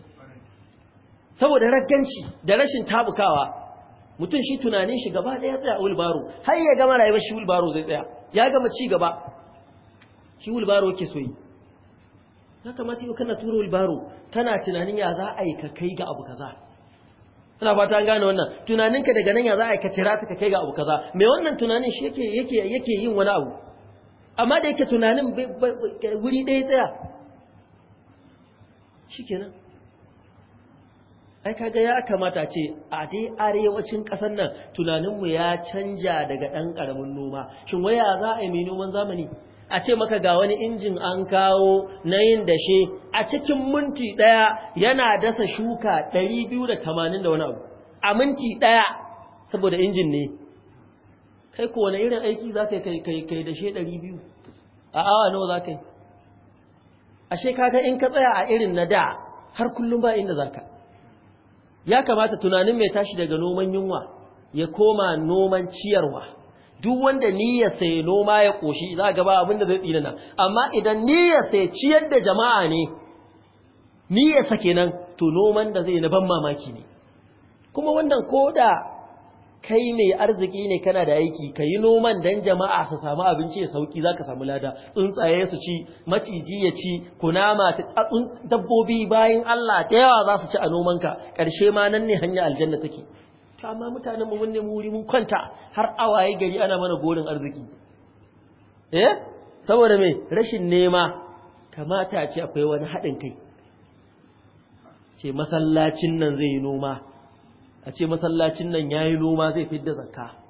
saboda ragganci da rashin tabukawa mutum shi tunanin shi gaba ɗaya tsaya a wilbaro. har ya gama rayuwar shi zai tsaya ya gama ci gaba shi wilbaro ke so ya kamata yau kana turo baro tana tunanin ya za a yi ka kai ga abu kaza ina fata an gane wannan tunaninka daga nan ya za a yi ka cira ta ka kai ga abu kaza mai wannan tunanin shi yake yin wani abu amma da yake tunanin wuri ɗaya tsaya shi ke nan. ai kaga ya kamata ce a dai arewacin ƙasar nan tunaninmu ya canja daga ɗan ƙaramin noma shin waya za a yi mai noman zamani a ce maka ga wani injin an kawo na yin dashe a cikin minti ɗaya yana dasa shuka 280 da wani abu a minti ɗaya saboda injin ne kai ko wani irin aiki za ka yi kai dashe 200 a awa nawa za ka yi ashe kaga in ka tsaya a irin na da har kullum ba inda za ka ya kamata tunanin mai tashi daga noman yunwa ya koma noman ciyarwa duk wanda niyyar sai noma ya koshi za ga ba abin da zai tsinana amma idan niyyar sai ciyar da jama'a ne niyyarsa sa kenan to noman da zai na ban mamaki ne kuma wannan koda kai ne arziki ne kana da aiki ka yi noman dan jama'a su samu abinci ya sauki za ka samu lada tsuntsaye su ci maciji ya ci kunama dabbobi bayan Allah ta yawa za su ci a nomanka ƙarshe ma nan ne hanya aljanna take to amma mutanen mu mun mu wuri mun kwanta har awaye gari ana mana gorin arziki eh saboda me rashin nema kamata a ce akwai wani haɗin kai ce masallacin nan zai yi noma a ce masallacin nan yayi noma zai fidda zakka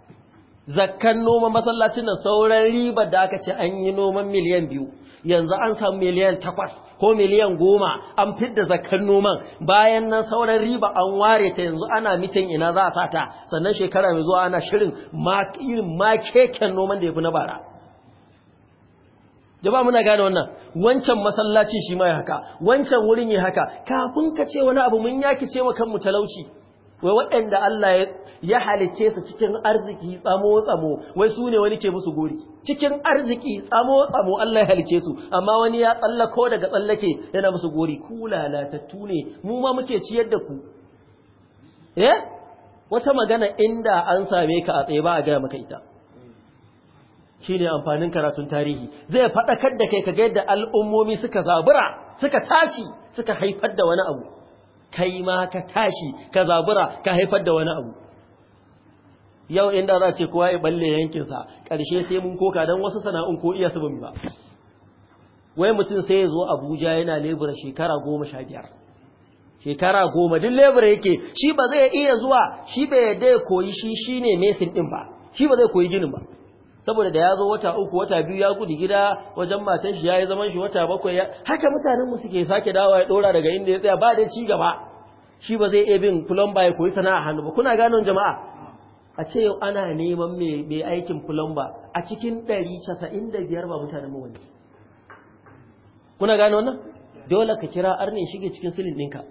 zakkan noman masallacin nan sauran ribar da aka ce an yi noman miliyan biyu yanzu an samu miliyan takwas ko miliyan goma an fidda zakkan noman bayan nan sauran riba an ware ta yanzu ana mitin ina za a sata sannan shekara mai zuwa ana shirin irin makeken noman da ya fi na bara jaba muna gane wannan wancan masallaci shi mai haka wancan wurin yi haka kafin ka ce wani abu mun yaki ce wa kanmu talauci wai waɗanda Allah ya halice su cikin arziki tsamo-tsamo wai su ne wani ke musu gori cikin arziki tsamo-tsamo Allah ya halice su amma wani ya tsallako daga tsallake yana musu gori ku lalatattu ne mu ma muke ciyar da ku eh wata magana inda an same ka a tsaye ba a gaya maka ita shine amfanin karatun tarihi zai faɗakar da kai ka ga yadda al'ummomi suka zabura suka tashi suka haifar da wani abu kai ma ka tashi ka zabura ka haifar da wani abu yau inda za ce kowa ya balle yankinsa Karshe sai mun koka don wasu sana'un ko iya su ba wai mutum sai ya zo abuja yana lebura shekara goma sha biyar shekara goma duk lebura yake shi ba zai iya zuwa shi bai yadda ya koyi shi shi mesin ɗin ba shi ba zai koyi ginin ba saboda da ya zo wata uku wata biyu ya gudu gida wajen matan shi ya yi zaman shi wata bakwai ya haka mutanen mu suke sake dawa ya dora daga inda ya tsaya ba da ci gaba shi ba zai iya bin plumber ya koyi sana'a hannu ba kuna gano jama'a a ce yau ana neman mai aikin plumber a cikin 195 casa'in da biyar ba mutanen mu wani kuna gano wannan dole ka kira arne shige cikin silin ɗinka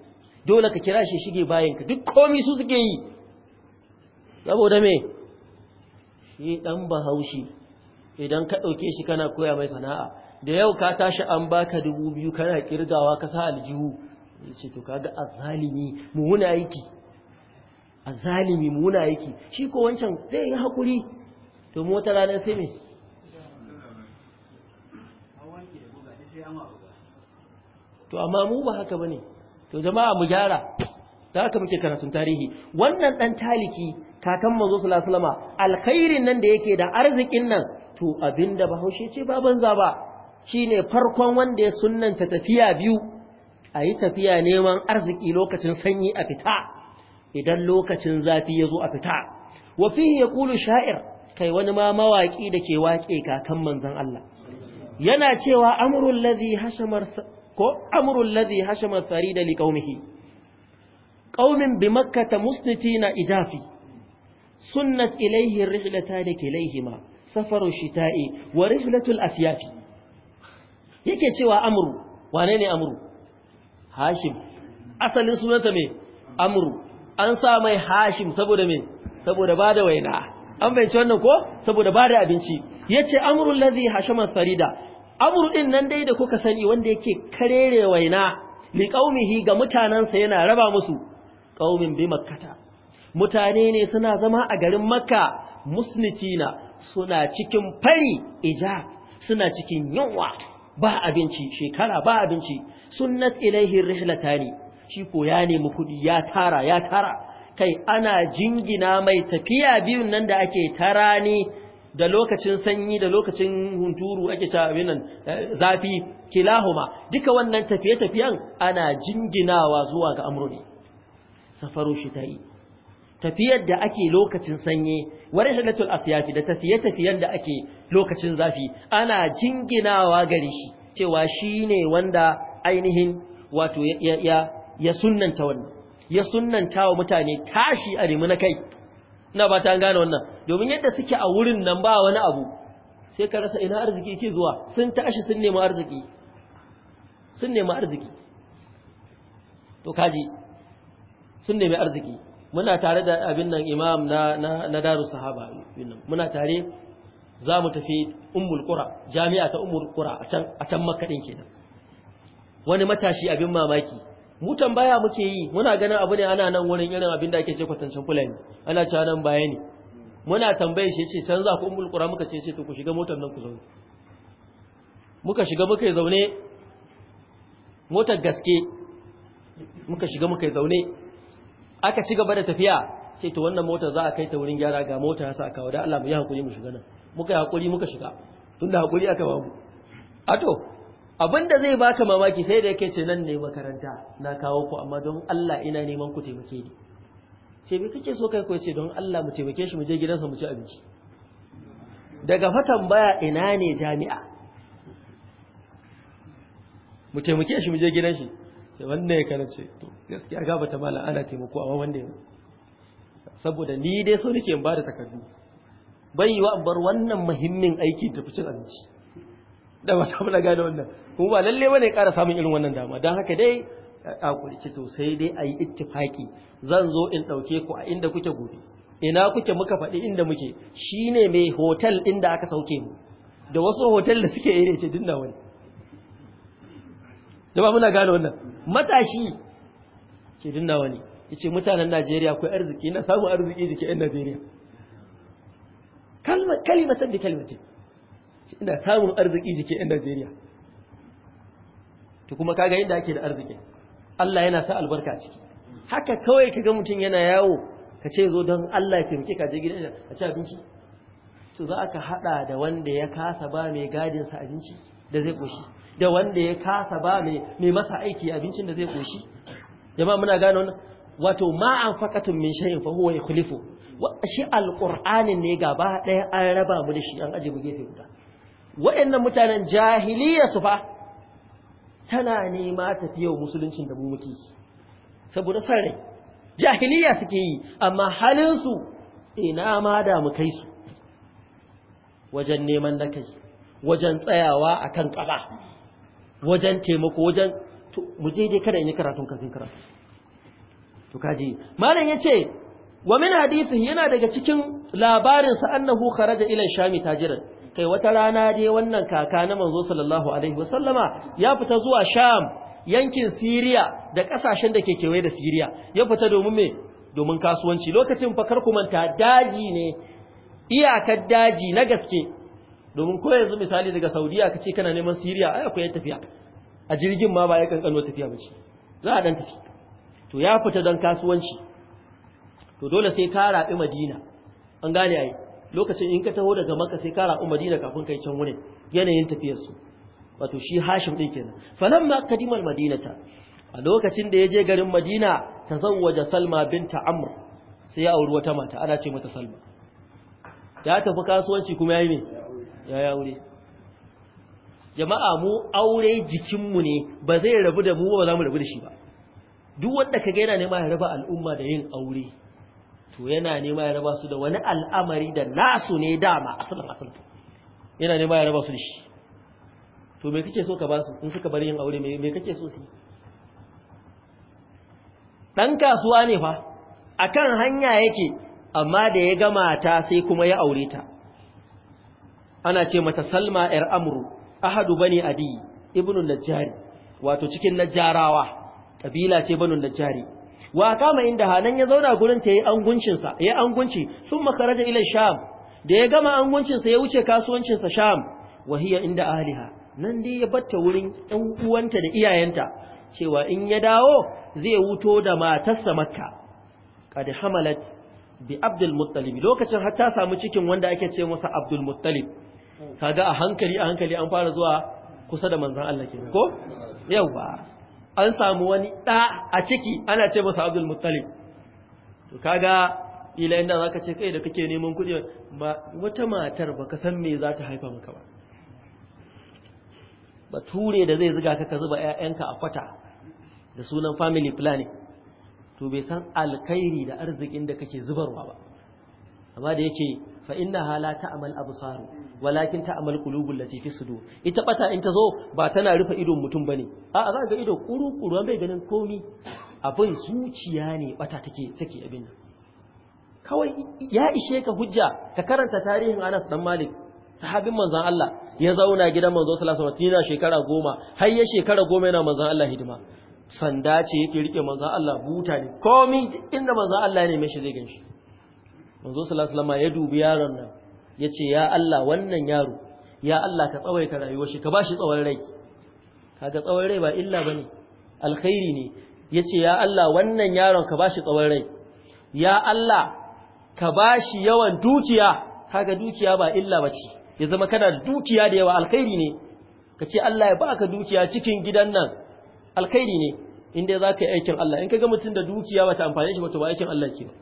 dole ka kira shi shige bayanka duk komi su suke yi saboda me shi ɗan bahaushe idan ka ɗauke shi kana koya mai sana'a da yau ka tashi an baka dubu biyu kana ƙirgawa ka sa aljihu ya ce to kaga zalimi muna yake zalimi muna yake shi ko wancan zai yi hakuri to mota wata sai me to amma mu ba haka ba ne. to jama'a mu gyara ta haka muke karatun tarihi wannan ɗan taliki kakan manzo sallallahu alaihi wasallam alkhairin nan da yake da arzikin nan to abinda bahaushe ce ba banza ba shine farkon wanda ya sunnanta tafiya biyu ayi tafiya neman arziki lokacin sanyi a fita idan lokacin zafi yazo a fita wa fihi yaqulu sha'ir kai wani ma mawaki dake wake kakan manzon Allah yana cewa amrul ladhi hashamar ko amrul ladhi hashama farida liqaumihi qaumin bi makkah musnitina ijafi sunnat ilaihi rihlata da kilaihima safarun shita'i wa rihlatul asyafi yake cewa amru wane ne amru hashim asalin sunanta me amru an sa mai hashim saboda me saboda bada waina an bayyance wannan ko saboda bada abinci Ya ce amru allazi hashama farida amru din nan dai da kuka sani wanda yake karere waina li qaumihi ga mutanansa yana raba musu ƙaumin bi makkata mutane ne suna zama a garin makka musnitina suna cikin fari ija suna cikin yunwa ba abinci shekara ba abinci sunnat ilaihi rihlatani shi ko ya nemi kudi ya tara ya tara kai ana jingina mai tafiya biyun nan da ake tara ni da lokacin sanyi da lokacin hunturu ake ta nan eh, zafi kilahuma duka wannan tafiye-tafiyen ana jinginawa zuwa ga amruni safaru shi ta yi tafiyar da ake lokacin sanyi wani halittar asiyafi da tafiye-tafiyen da ake lokacin zafi ana jinginawa gari shi cewa ne wanda ainihin wato ya sunanta wannan ya sunanta wa mutane tashi a na kai ina ba ta gane wannan domin yadda suke a wurin nan ba wani abu sai ka rasa ina arziki ke zuwa sun tashi sun nemi arziki sun nemi arziki to kaji sun nemi arziki muna tare da abin nan imam na na daru sahaba muna tare za mu tafi ummul qura jami'a ta ummul qura a can a can makka din kenan wani matashi abin mamaki mu tambaya muke yi muna ganin abu ne ana nan wurin irin abin da ake ce kwatancin fulani ana cewa nan baya ne muna tambaye shi ce can za ku ummul qura muka ce ce to ku shiga motar nan ku zaune muka shiga muka yi zaune motar gaske muka shiga muka yi zaune aka ci gaba da tafiya ce to wannan mota za a kai ta wurin gyara ga mota ya sa kawo da Allah mu yi hakuri mu shiga nan muka yi hakuri muka shiga tunda hakuri aka ba mu abin abinda zai baka mamaki sai da yake ce nan ne makaranta na kawo ku amma don Allah ina neman ku taimake ni ce me kake so kai ko ce don Allah mu taimake shi mu je gidansa mu ci abinci daga fatan baya ina ne jami'a mu taimake shi mu je gidan shi sai wanda ya kana ce to gaskiya ga bata mala ana taimako amma wanda saboda ni dai so nake in bada takardu bai yiwa in bar wannan muhimmin aiki ta cin abinci da ba ta mala gane wannan kuma ba lalle bane ƙara samun irin wannan dama dan haka dai a kurci to sai dai ayi ittifaki zan zo in dauke ku a inda kuke gobe ina kuke muka faɗi inda muke shine mai hotel inda aka sauke mu da wasu hotel da suke iri ce dinna wani jama muna gane wannan matashi ke dinna wani ce mutanen Najeriya akwai arziki na samun arziki jike 'yan Najeriya kalimatar kalimatan da kalmatin ina samun arziki jike 'yan Najeriya to kuma kaga yadda ake da arziki Allah yana sa albarka ciki haka kawai ka ga mutum yana yawo ka ce zo don Allah ya taimake ka je gidan a ci abinci to za ka hada da wanda ya kasa ba mai gadin sa abinci da zai koshi da wanda ya kasa ba mai masa aiki abincin da zai koshi jama'a muna gano wato ma an faƙatun min shayin fa huwa yakhlifu shi alqur'anin ne gaba ɗaya an raba mu da shi an aje mu gefe guda wayannan mutanen jahiliya su fa tana nema tafiyar Musulunci da mu Saboda saboda sarai jahiliya suke yi amma halin su ina ma da mu kai su wajen neman na kai wajen tsayawa akan kaba wajen taimako wajen mu je dai kada in yi karatun kafin karatu to kaji malam yace wa min hadithin yana daga cikin labarin sa annahu kharaja ila shami tajiran kai wata rana dai wannan kaka na manzo sallallahu alaihi wasallama ya fita zuwa sham yankin Siriya da kasashen da ke kewaye da Siriya ya fita domin me domin kasuwanci lokacin fakar kumanta daji ne iyakar daji na gaske domin ko yanzu misali daga saudiya ka ce kana neman siriya ai akwai yan tafiya a jirgin ma ba ya kankano tafiya ba za a dan tafi to ya fita don kasuwanci to dole sai ka raɓi madina an gane ai lokacin in ka taho daga maka sai ka raɓi madina kafin kai can wurin yanayin tafiyarsu wato shi hashim ɗin kenan falamma kadimal madinata a lokacin da ya je garin madina ta zawwaja salma binta amr sai ya auri wata mata ana ce mata salma ya tafi kasuwanci kuma ya yi ne ya ya aure jama'a mu aure jikinmu ne ba zai rabu da mu ba za mu rabu da shi ba duk wanda ka yana nema ya raba al'umma da yin aure to yana nema ya raba su da wani al'amari da nasu ne dama asalin asalin yana nema ya raba su da shi to me kake so ka ba su in suka bari yin aure me kake so su dan kasuwa ne fa akan hanya yake amma da ya gama ta sai kuma ya aure ta ana ce mata salma ‘yar amuru ahadu bani adi ibnun najjari wato cikin najjarawa ƙabila ce banu najjari wa kama inda hanan ya zauna gurin ta yi ya angunci sun makaraja ilan sham da ya gama anguncinsa ya wuce kasuwancinsa sham wahiya inda ahliha nan dai ya batta wurin ɗan uwanta da iyayenta cewa in ya dawo zai wuto da matarsa makka kad hamalat bi abdul muttalib lokacin har ta samu cikin wanda ake ce masa abdul muttalib kaga a hankali a hankali an fara zuwa kusa da manzan Allah ke ko yau ba? an samu wani da a ciki ana ce masa Abdul Muttalib to kaga ila inda zaka ce kai da kake neman kuɗi ba wata matar baka san me za ta haifa maka ba bature da zai zuga ka ka zuba ƴaƴanka a kwata da sunan family planning to bai san alkhairi da arzikin da kake zubarwa ba amma da yake fa innaha la ta'mal absaru walakin ta'amal qulubul lati fi sudur ita bata in ta zo ba tana rufe idon mutum bane a'a za ga ido kuru kuru bai ganin komi abin zuciya ne bata take take abin nan kawai ya ishe ka hujja ka karanta tarihin Anas dan Malik sahabin manzon Allah ya zauna gidan manzon sallallahu alaihi wasallam shekara goma har ya shekara goma yana manzon Allah hidima sanda ce yake rike manzon Allah buta ne komi inda manzon Allah ne mai shi zai ganshi manzon sallallahu alaihi wasallam ya dubi yaron nan ya ce ya Allah wannan yaro ya Allah ka tsawaita rayuwar shi ka ba shi tsawon rai kaga tsawon rai ba illa ba ne alkhairi ne ya ce ya Allah wannan yaron ka ba shi tsawon rai ya Allah ka ba shi yawan dukiya kaga dukiya ba illa ba ce ya zama kana da dukiya da yawa alkhairi ne ka ce Allah ya baka dukiya cikin gidan nan alkhairi ne inda za ka yi aikin Allah in ka ga mutum da dukiya ba ta amfani shi ba to ba aikin Allah ke ba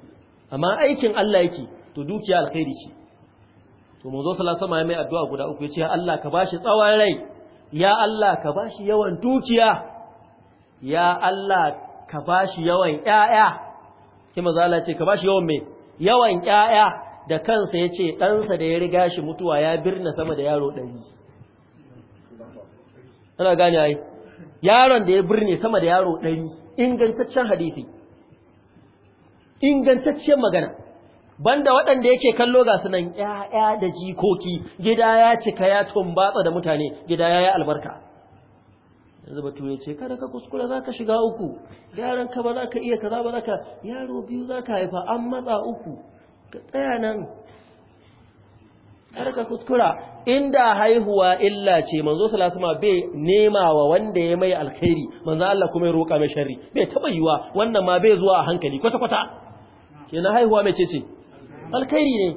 amma aikin Allah yake to dukiya alkhairi ce to mu zo alaihi wasallam mai addu'a guda uku yace ya Allah ka bashi tsawon rai ya Allah ka bashi yawan dukiya ya Allah ka bashi yawan ƴaƴa sai maza Allah ce ka bashi yawan me yawan ƴaƴa da kansa yace ɗansa da ya riga shi mutuwa ya birna sama da yaro ɗari ana gane ai yaron da ya birne sama da yaro ɗari ingantaccen hadisi ingantaccen magana banda waɗanda yake kallo ga sunan ƴaƴa da jikoki gida ya cika ya tumbatsa da mutane gida ya yi albarka yanzu batu ya ce kada ka kuskura za ka shiga uku yaran ka ba za ka iya kaza ba za ka yaro biyu za ka haifa an matsa uku ka tsaya nan Kada ka kuskura inda haihuwa illa ce manzo salasuma bai nema wa wanda ya mai alkhairi manzo Allah kuma ya roƙa mai sharri bai taɓa yiwa wannan ma bai zuwa a hankali kwata-kwata kenan haihuwa mai cece ce alkhairi ne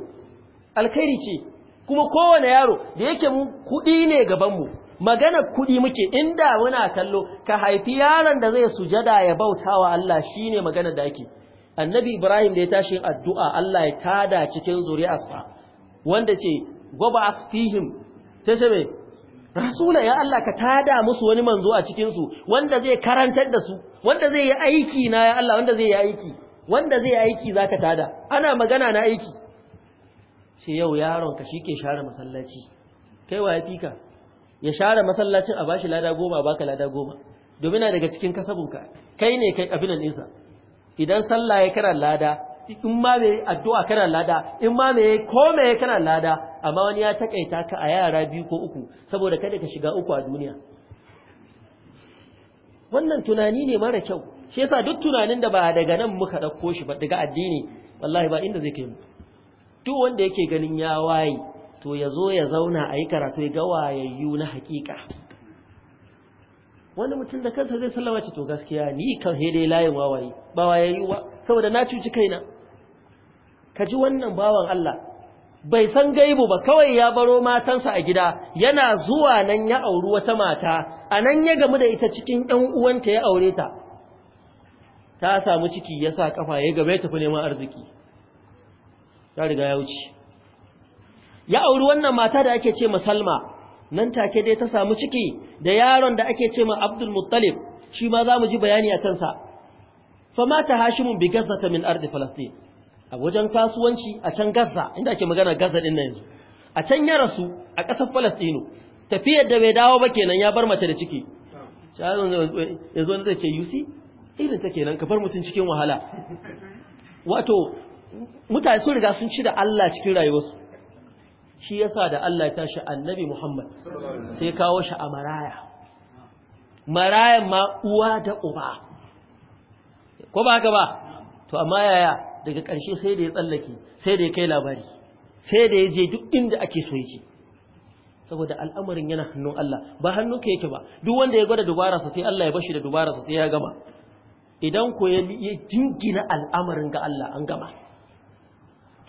alkhairi ce kuma kowane yaro da yake mu kuɗi ne gabanmu magana kuɗi muke inda muna kallo ka haifi yaron da zai sujada ya bautawa Allah shine magana da ake annabi ibrahim da ya tashi addu'a Allah ya tada cikin zuri'arsa wanda ce gwaba fihim ta ce rasula ya Allah ka tada musu wani manzo a cikin su wanda zai karantar da su wanda zai yi aiki na ya Allah wanda zai yi aiki wanda zai aiki za ka tada ana magana na aiki sai yau yaron ka ke share masallaci kai wa ka ya share masallacin a bashi lada goma baka lada goma domin daga cikin kasabunka kai ne kai abinan nisa idan sallah ya kana lada in ma mai addu'a kana lada in ma mai kome ya lada amma wani ya takaita ka a yara biyu ko uku saboda kada ka shiga uku a duniya wannan tunani ne mara kyau shi yasa duk tunanin da ba daga nan muka dauko shi ba daga addini wallahi ba inda zai kai mu duk wanda yake ganin ya waye to ya zo ya zauna a yi karatu ga wayayyu na hakika wani mutum da kansa zai sallama ce to gaskiya ni kan dai layin wawaye ba wayayyu ba saboda na cuci kaina ka ji wannan bawan Allah bai san gaibu ba kawai ya baro matansa a gida yana zuwa nan ya auri wata mata a nan ya gamu da ita cikin ɗan uwanta ya aure ta ta samu ciki ya sa kafa ya gaba ya tafi neman arziki ya riga ya wuce ya auri wannan mata da ake ce Salma, nan take dai ta samu ciki da yaron da ake ce ma abdul muttalib shi ma za mu ji bayani a kansa fa mata hashimun bi gazzata min ardi falastin a wajen kasuwanci a can gaza inda ake magana gaza din nan yanzu a can ya rasu a ƙasar falastinu tafiyar da bai dawo ba kenan ya bar mace da ciki yanzu wani zai ce yusi irin ta kenan ka bar mutum cikin wahala wato mutane sun riga sun ci da Allah cikin rayuwarsu shi yasa da Allah ya tashi annabi Muhammad sai kawo shi a maraya marayan ma uwa da uba ko ba ka ba to amma yaya daga ƙarshe sai da ya tsallake sai da ya kai labari sai da ya je duk inda ake so yake saboda al'amarin yana hannun Allah ba hannun ka yake ba duk wanda ya gwada dubara sai Allah ya bashi da dubara sai ya gama idan ko ya jingina al'amarin ga Allah an gama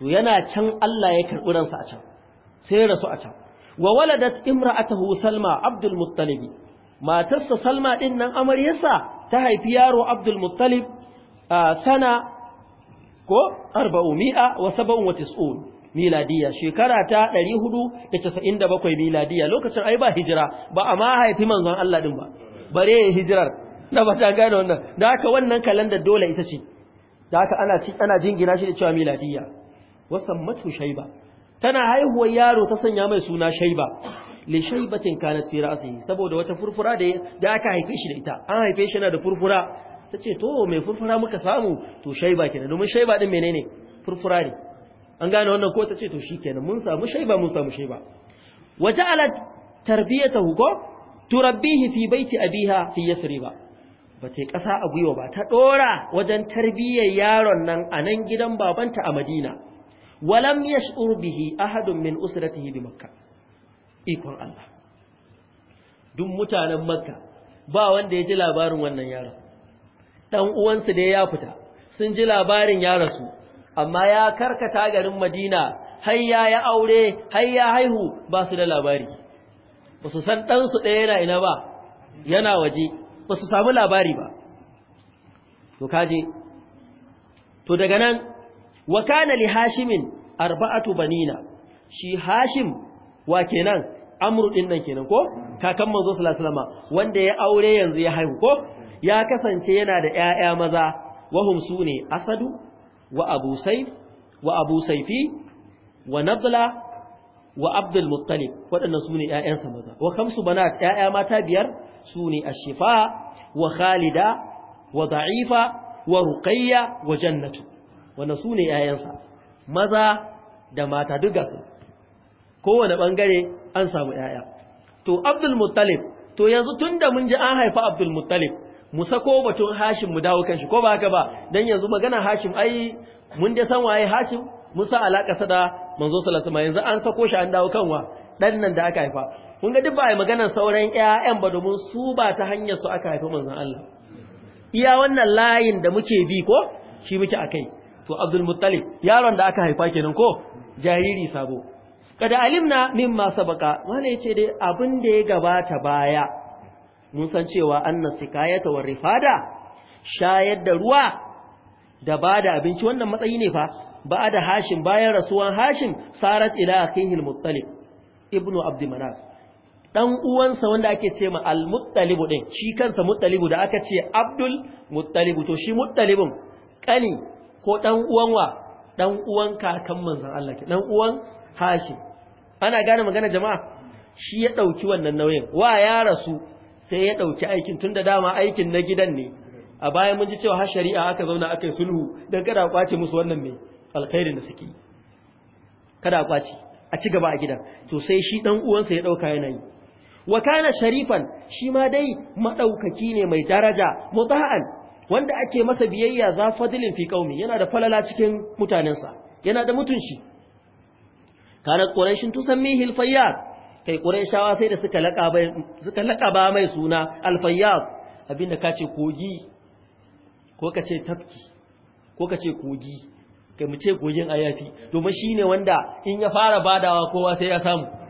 to yana can Allah ya karɓi ransa a can sai rasu a can wa a imra'atuhu salma abdul muttalibi matarsa salma ɗin nan amaryarsa ta haifi yaro abdul muttalib sana ko arba'umi'a wa 97 miladiya shekara ta 497 miladiya lokacin ai ba hijira ba amma haifi manzon Allah ɗin ba bare hijirar na ba ta gane wannan da haka wannan kalandar dole ita ce da haka ana ci ana jingina shi da cewa miladiyya wasan matu shayba tana haihuwar yaro ta sanya mai suna shayba li shaybatin kanat fi ra'sihi saboda wata furfura da da aka haife shi da ita an haife shi na da furfura tace to mai furfura muka samu to shayba kenan domin shayba din menene furfura ne an gane wannan ko tace to shikenan mun samu shayba mun samu shayba waja'alat tarbiyatahu ko turabbihi fi baiti abiha fi yasriba ba ta ƙasa a gwiwa ba ta ɗora wajen tarbiyyar yaron nan a nan gidan babanta a madina walam yash'ur a ahadun min usratihi bi makka ikon Allah duk mutanen makka ba wanda ya ji labarin wannan yaron dan uwansu da ya fita sun ji labarin ya rasu amma ya karkata garin madina hayya ya aure har haihu ba su da labari ba su san ɗansu ɗaya yana ina ba yana waje ba su samu labari ba to kaje to daga nan wa kana li hashimin arba'atu banina shi hashim wa kenan amru din nan kenan ko kakan manzo sallallahu alaihi wasallam wanda ya aure yanzu ya haihu ko ya kasance yana da 'ya'ya maza wahum sune asadu wa abu saif wa abu saifi wa nabla wa abdul muttalib waɗannan sune ƴaƴansa maza wa kamsu banat 'ya'ya mata biyar sune ashifa wa khalida wa Zaifa wa ruqayya wa jannatu su ne yayansa maza da mata duka su kowane bangare an samu yaya to Abdul Muttalib to yanzu tunda mun ji an haifa Abdul Muttalib mu sako batun Hashim mu dawo kanshi ko ba haka ba dan yanzu magana Hashim ai mun da san waye Hashim Musa alaka sada manzo sallallahu alaihi yanzu an sako shi an dawo kanwa Ɗan nan da aka haifa kun ga duk ba ai maganar sauran 'ya'yan ba domin su ba ta hanyar su aka haifi manzon Allah iya wannan layin da muke bi ko shi muke akai to Abdul Muttalib yaron da aka haifa kenan ko jariri sabo kada alimna mimma sabaka wane ce dai abin da ya gabata baya mun san cewa annas sikayata war rifada shayar da ruwa da bada abinci wannan matsayi ne fa ba da hashin bayan rasuwan hashin sarat ila akhihi muttalib ibnu Abdul manaf dan uwansa wanda ake ce ma al-muttalibu din shi kansa muttalibu da aka ce abdul muttalibu to shi muttalibun kani ko dan uwan wa dan uwan kakan manzon Allah ke dan uwan hashim ana gane magana jama'a shi ya dauki wannan nauyin wa ya rasu sai ya dauki aikin tunda dama aikin na gidan ne a baya mun ji cewa har shari'a aka zauna aka yi sulhu dan kada kwace musu wannan ne alkhairin da suke kada kwace a ci gaba a gidan to sai shi dan uwansa ya dauka yana yi wa kana sharifan shi ma dai madaukaki ne mai daraja muta'an wanda ake masa biyayya za fadilin fi qaumi yana da falala cikin mutanensa yana da mutunci kana quraishin tusammihi al-fayyad kai quraishawa sai da suka laƙaba suka mai suna al-fayyad abinda kace kogi ko kace tafki ko kace kogi kai mu ce gogin ayafi domin shine wanda in ya fara badawa kowa sai ya samu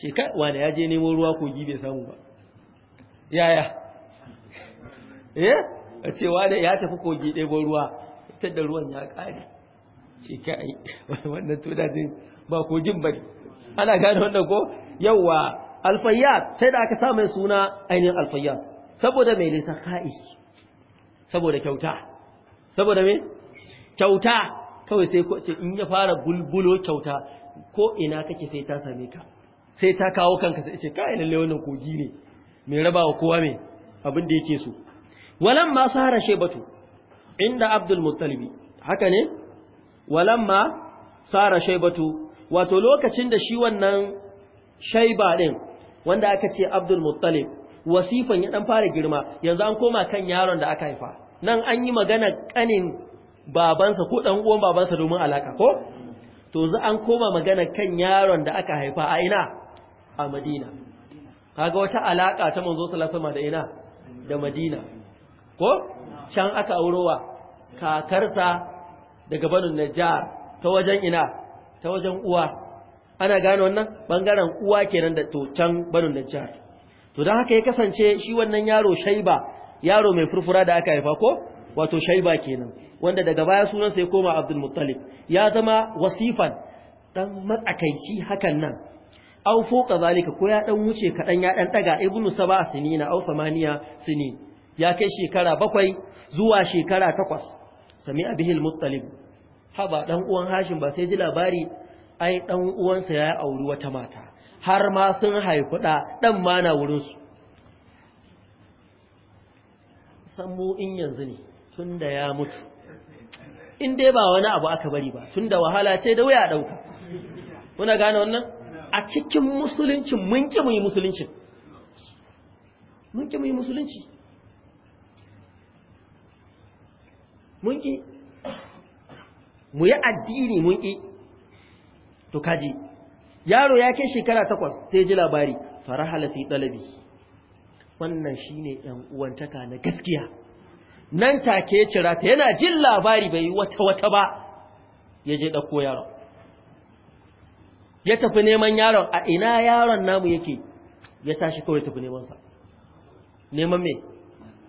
shi ka wani ya je nemo ruwa kogi bai samu ba yaya ya eh? a ce wane ya tafi kogi ɗebo ruwa ta da ruwan ya ƙare ka yi wannan tuda zai ba kogin bane ana gane wannan ko Yawwa, alfayya. sai da aka sa mai suna ainihin alfayya. saboda mai lisa ka'i saboda kyauta saboda me kyauta kawai sai ko in ya fara bulbulo kyauta ko ina kake sai ta same ka sai ta kawo kanka sai ce kai lalle wannan kogi ne mai rabawa kowa mai abin da yake so walan ma sahara shebatu inda abdul muttalib haka ne walan ma sahara shebatu wato lokacin da shi wannan shaiba din wanda aka ce abdul muttalib wasifan ya dan fara girma yanzu an koma kan yaron da aka haifa nan an yi magana kanin babansa ko dan uwan babansa domin alaka ko to za an koma magana kan yaron da aka haifa a ina a madina kaga wata alaƙa ta manzo sallallahu da ina da madina ko can aka aurowa kakarsa daga banu najjar ta wajen ina ta wajen uwa ana gane wannan bangaren uwa kenan da to can banu najjar to dan haka ya kasance shi wannan yaro shaiba yaro mai furfura da aka haifa ko wato shaiba kenan wanda daga baya sunansa ya koma abdul muttalib ya zama wasifan dan matsakaici hakan nan aw fuqa zalika ko ya dan wuce kadan ya dan daga ibnu sab'a sinina aw samaniya sini ya kai shekara bakwai zuwa shekara takwas sami'a al muttalib haba dan uwan hashim ba sai ji labari ai dan uwansa ya auri wata mata har ma sun haifi da dan ma na wurin su sammu in yanzu ne tunda ya mutu in dai ba wani abu aka bari ba tunda wahala ce da wuya dauka kuna gane wannan a cikin musuluncin mun ki mu yi musuluncin mun ki mu yi musulunci mun ki mu yi addini mun ki to kaji yaro ya kai shekara takwas sai ji labari farahala fi talabi wannan shine ɗan uwantaka na gaskiya nan take ya cira ta yana jin labari bai wata wata ba ya je ɗauko yaron ya tafi neman yaron a ina yaron namu yake ya tashi kawai tafi neman sa neman me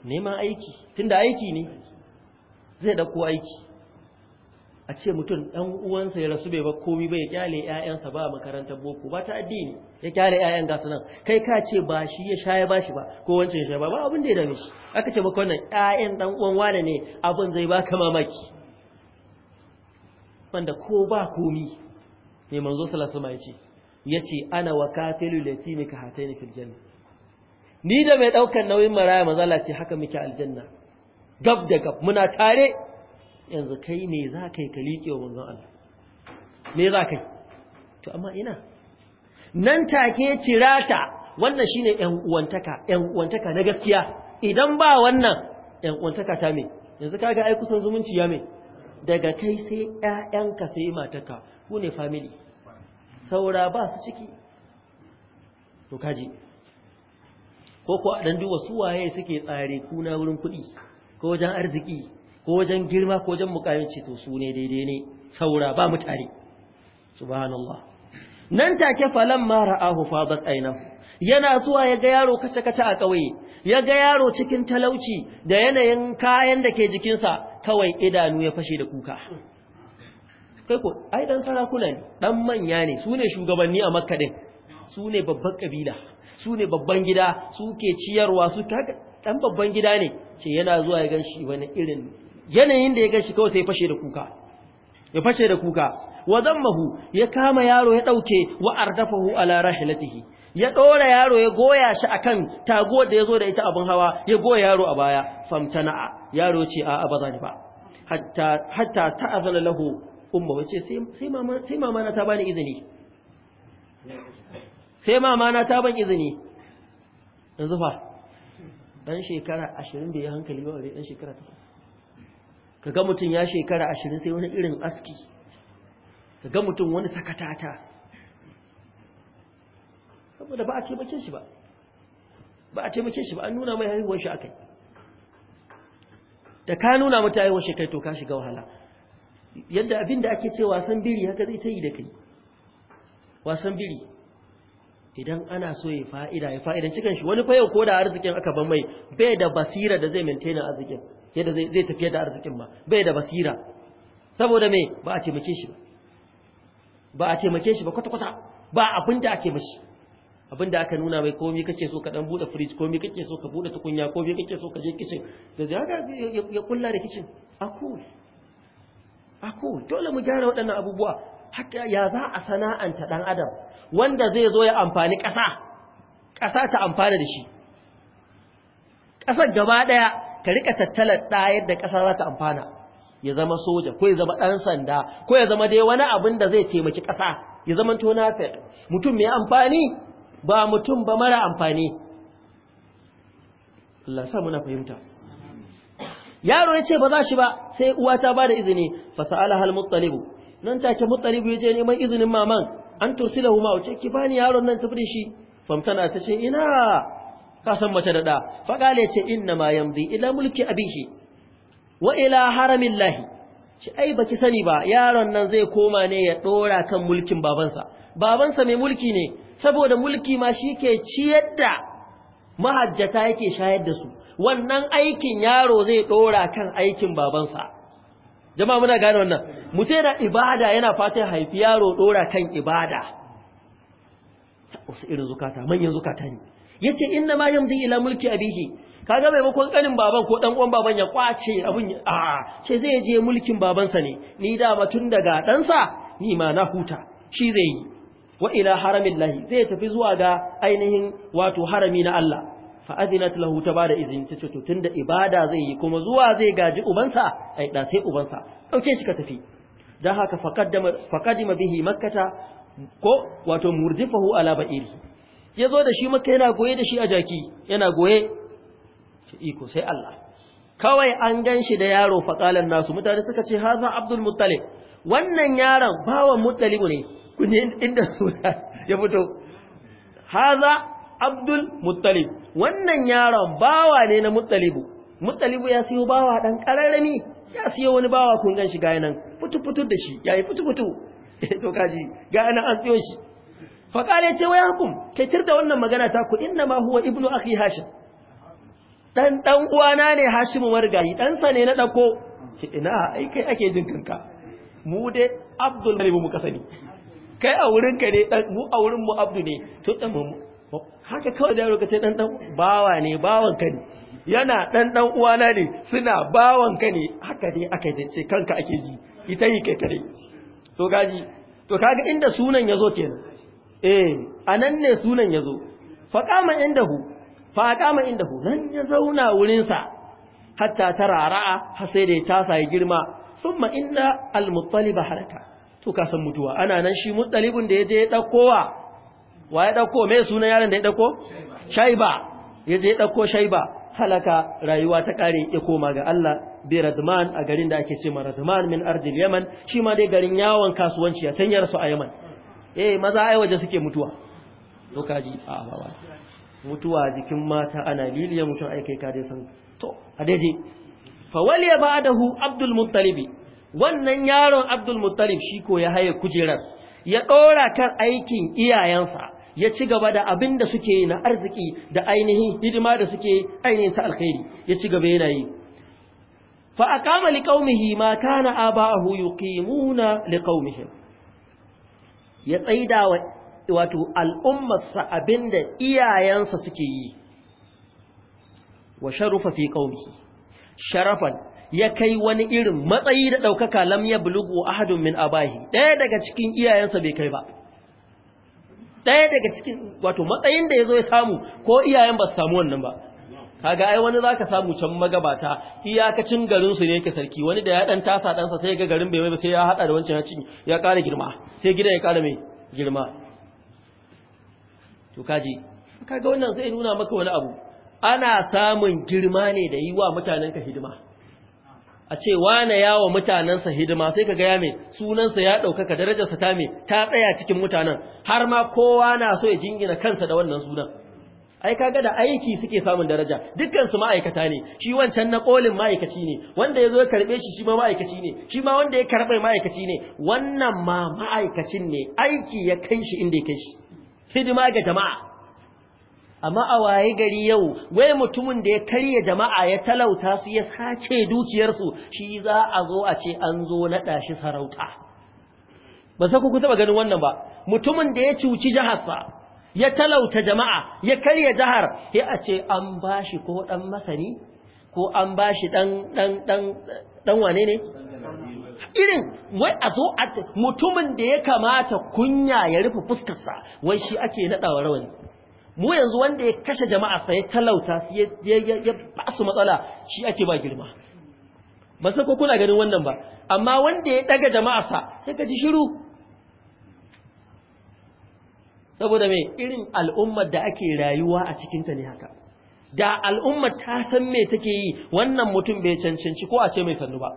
neman aiki tunda aiki ne zai dauko aiki a ce mutum ɗan uwansa ya rasu bai ba komi bai kyale ƴaƴansa ba makarantar boko ba ta addini ya kyale ƴaƴan gasu nan kai ka ce ba shi ya shaye ba shi ba ko wancan ya ba ba abin da ya dame shi aka ce maka wannan ƴaƴan ɗan uwan wane ne abin zai baka mamaki wanda ko ba komi ne manzo sallallahu alaihi wasallam ya ce ana wa katilu yatimi ka hataini fil janna ni da mai daukan nauyin maraya manzo Allah ce haka muke aljanna gab da gab muna tare yanzu kai me za kai ka liƙe wa manzon Allah me za kai to amma ina nan take cirata wannan shine 'yan uwantaka ƴan uwantaka na gaskiya idan ba wannan 'yan uwantaka ta me yanzu kaga ai kusan zumunci ya me daga kai sai ‘ya'yanka sai mataka ku ne family saura ba su ciki to kaji ko ko a ɗan su waye suke tsare kuna wurin kuɗi ko wajen arziki ko wajen girma ko wajen mukaminci to su ne daidai ne saura ba mutane subhanallah nan take falan ma ra'ahu fadat aina yana zuwa ya ga yaro kace kace a ƙauye ya ga yaro cikin talauci da yanayin kayan da ke jikinsa kawai idanu ya fashe da kuka kai ko ai dan sarakuna ne dan manya ne su ne shugabanni a makka din su ne babban kabila su ne babban gida su ciyarwa su kaga dan babban gida ne ce yana zuwa ya ganshi wani irin yanayin da ya ganshi kawai sai fashe da kuka ya fashe da kuka wa zammahu ya kama yaro ya dauke wa ardafahu ala rahilatihi ya ɗora yaro ya goya shi a kan tago da ya zo da ita abin hawa ya goya yaro a baya Famta na'a, yaro ce a'a ba za ni ba hatta ta ta'azana lahu umma wace sai mamana ta bani izini sai mamana ta ban izini yanzu fa dan shekara da bai hankali ba bare ɗan shekara 8 kaga mutum ya shekara ashirin sai wani irin aski kaga mutum wani sakatata saboda ba a ce bakin shi ba ba a taimake shi ba an nuna mai haihuwar shi akai da ka nuna mata haihuwar shi kai to ka shiga wahala yadda abin da ake ce wasan biri haka zai ta yi da kai wasan biri idan ana so ya fa'ida ya fa'idan cikin shi wani fayau ko da arzikin aka ban mai bai da basira da zai maintain arzikin yadda zai tafiya da arzikin ba bai da basira saboda me ba a mace shi ba ba a mace shi ba kwata-kwata ba abin da ake mashi Abin da aka nuna mai komi kake so ka dan bude fridge komi kake so ka bude tukunya komi kake so ka je kitchen da haka ya kulla da kitchen aku aku dole mu gyara waɗannan abubuwa haka ya za a sana'anta dan adam wanda zai zo ya amfani ƙasa ƙasa ta amfana da shi ƙasar gaba ɗaya ka rika tattalar ɗa yadda ƙasa za ta amfana ya zama soja ko ya zama ɗan sanda ko ya zama dai wani abin da zai taimaki ƙasa ya zama tona mutum mai amfani ba mutum ba mara amfani Allah sa muna fahimta yaro ya ce ba za shi ba sai uwa ta ba da izini fasa'ala hal muttalibu nan take muttalibu ya je neman izinin maman an tursila huma wace ki bani yaron nan tafi da shi famtana ta ce ina ka san mace da da faqale ce inna ma yamdi ila mulki abihi wa ila haramillahi shi ai baki sani ba yaron nan zai koma ne ya dora kan mulkin babansa babansa mai mulki ne saboda mulki ma shi ke ciyar da mahajjata yake shayar da su wannan aikin yaro zai ɗora kan aikin babansa jama'a muna gane wannan mutum yana ibada yana fatan haifi yaro ɗora kan ibada wasu irin zukata manyan zukata ne ya ce inna ma yamdi ila mulki abihi ga maimakon ƙanin baban ko ɗan uwan baban ya kwace abin a ce zai je mulkin babansa ne ni dama tun daga ɗansa ni ma na huta shi zai yi wa ila Lahi zai tafi zuwa ga ainihin wato harami na Allah fa azinat ta bada izini ta ce da ibada zai yi kuma zuwa zai gaji ubansa a yi sai ubansa dauke shi ka tafi dan haka faqaddama faqadima bihi makata ko wato murjifahu ala ba'iri yazo da shi maka yana goye da shi a jaki yana goye iko sai Allah kawai an ganshi da yaro faqalan nasu mutane suka ce haza abdul muttalib wannan yaron bawan muttalib ne kun inda suna ya fito haza abdul muttalib wannan yaron bawa ne na muttalibu muttalibu ya siyo bawa dan kararrami ya siyo wani bawa kun gan shi gaya nan fitu fitu da shi yayi fitu fitu eh, to kaji gaya nan an siyo shi fa kale ce waya hukum kai tirda wannan magana ta ku inna ma huwa ibnu akhi hashim dan dan uwana ne hashimu margayi dan sa ne na dako ce ina ai kai ake jin kanka mu dai abdul muttalib muka sani kai a wurin ka ne dan mu a wurin mu abdu ne to dan mu haka kawai da yaro kace dan dan bawa ne bawan ka ne yana dan dan na ne suna bawan ka ne haka dai aka je ce kanka ake ji ita yi kai kare to gaji to kaga inda sunan yazo kenan eh anan ne sunan yazo fa kama indahu fa kama indahu nan ya zauna wurin sa hatta tarara'a har sai da ya tasa ya girma summa inna al-muttaliba halaka to ka san mutuwa ana nan shi muttalibin da ya je ya dauko wa ya dauko mai sunan yaron da ya dauko shaiba ya je ya dauko shaiba halaka rayuwa ta ƙare ya koma ga Allah bi radman a garin da ake ce ma radman min ardil yaman shi ma dai garin yawon kasuwanci a tanyar su a yaman eh maza ai waje suke mutuwa to kaji a bawa mutuwa jikin mata ana liliya mutum ai kai ka dai san to a daji fa waliya ba'dahu abdul muttalibi wannan yaron abdul muttalib shi ko ya haye kujerar ya ɗora kan aikin iyayensa ya ci gaba da abin da suke yi na arziki da ainihin hidima da suke ainihin ta alkhairi ya ci gaba yana yi fa aqama liqaumihi ma kana aba'ahu yuqimuna liqaumihim ya tsaida wa wato al'ummarsa abinda iyayensa suke yi wa sharufa fi qaumihi sharafan ya kai wani irin matsayi da ɗaukaka lam ya bulugu ahadun min abahi ɗaya daga cikin iyayensa bai kai ba ɗaya daga cikin wato matsayin da ya zo ya samu ko iyayen ba su samu wannan ba kaga ai wani zaka samu can magabata iyakacin garin su ne yake sarki wani da ya dan tasa ɗansa sai ga garin bai mai sai ya hada da wancan ya ci ya ƙara girma sai gidan ya ƙara mai girma to kaji kaga wannan sai nuna maka wani abu ana samun girma ne da yi wa mutanenka hidima a ce wane wa mutanensa hidima sai ka gaya mai sunansa ya ɗaukaka darajarsa ta mai ta tsaya cikin mutanen har ma kowa na so ya jingina kansa da wannan sunan ai kaga da aiki suke samun daraja dukkansu ma'aikata ne shi wancan na ƙolin ma'aikaci ne wanda ya zo karɓe shi shi ma ma'aikaci ne shi ma wanda ya karɓe ma'aikaci ne wannan ma ma'aikacin ne aiki ya kai shi inda ya kai shi hidima ga jama'a amma a waye gari yau wai mutumin da ya karye jama'a ya talauta su ya sace dukiyarsu shi za a zo a ce an zo na shi sarauta ba sai ku taɓa ganin wannan ba mutumin da ya cuci jiharsa ya talauta jama'a ya karye jihar ya a ce an ba shi ko ɗan masani ko an ba shi ɗan wane ne irin wai a zo a mutumin da ya kamata kunya ya rufe fuskarsa wai shi ake naɗawa rawani mu yanzu wanda ya kashe jama'a sai talauta ya ba su matsala shi ake ba girma ba sai ko kuna ganin wannan ba amma wanda ya daga jama'a sa sai ka ji shiru saboda me irin al'ummar da ake rayuwa a cikinta ne haka da al'ummar ta san me take yi wannan mutum bai cancanci ko a ce mai sannu ba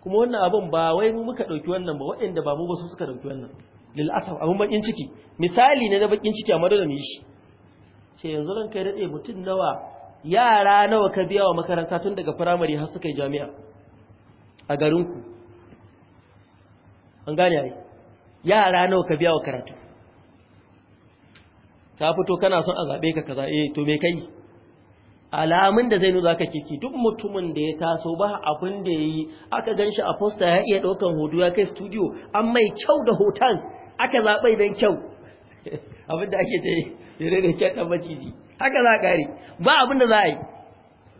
kuma wannan abun ba wai mu muka ɗauki wannan ba waɗanda ba mu ba su suka ɗauki wannan lil'asar abin bakin ciki misali ne na bakin ciki a dole mu yi shi ce yanzu ran kai daɗe mutum nawa yara nawa ka biya wa makaranta tun daga firamare har suka yi jami'a a garin ku an gane ai yara nawa ka biya wa karatu ta fito kana son a zaɓe ka kaza e eh, to me kai alamun da zai nuna zaka kiki duk mutumin da ya taso ba abin da yayi aka ganshi a poster ya iya daukan hoto ya kai studio an mai kyau da hoton aka zaɓa idan kyau abin da ake ce yare da kyan ɗan maciji haka za a ƙari ba abin da za a yi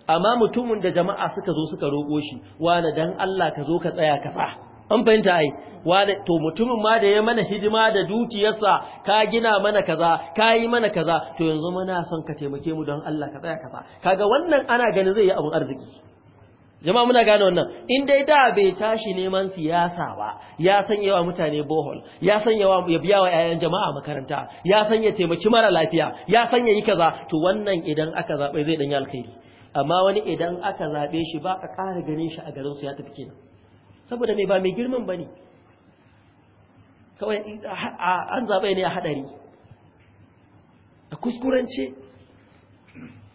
amma mutumin da jama'a suka zo suka roƙo shi wane dan Allah ka zo ka tsaya ka sa an fahimta ai wane to mutumin ma da ya mana hidima da dukiyarsa ka gina mana kaza ka yi mana kaza to yanzu muna son ka taimake mu don Allah ka tsaya ka sa kaga wannan ana ganin zai yi abin arziki jama'a muna gane wannan in dai da bai tashi neman siyasa ba ya san yawa mutane bohol ya san yawa ya biya wa ƴaƴan jama'a makaranta ya san ya taimaki mara lafiya ya san yi kaza to wannan idan aka zabe zai dan alkhairi amma wani idan aka zabe shi ba ka ƙara ganin shi a garin su ya tafi kenan saboda me ba mai girman bane kawai an zabe ne a hadari a kuskurance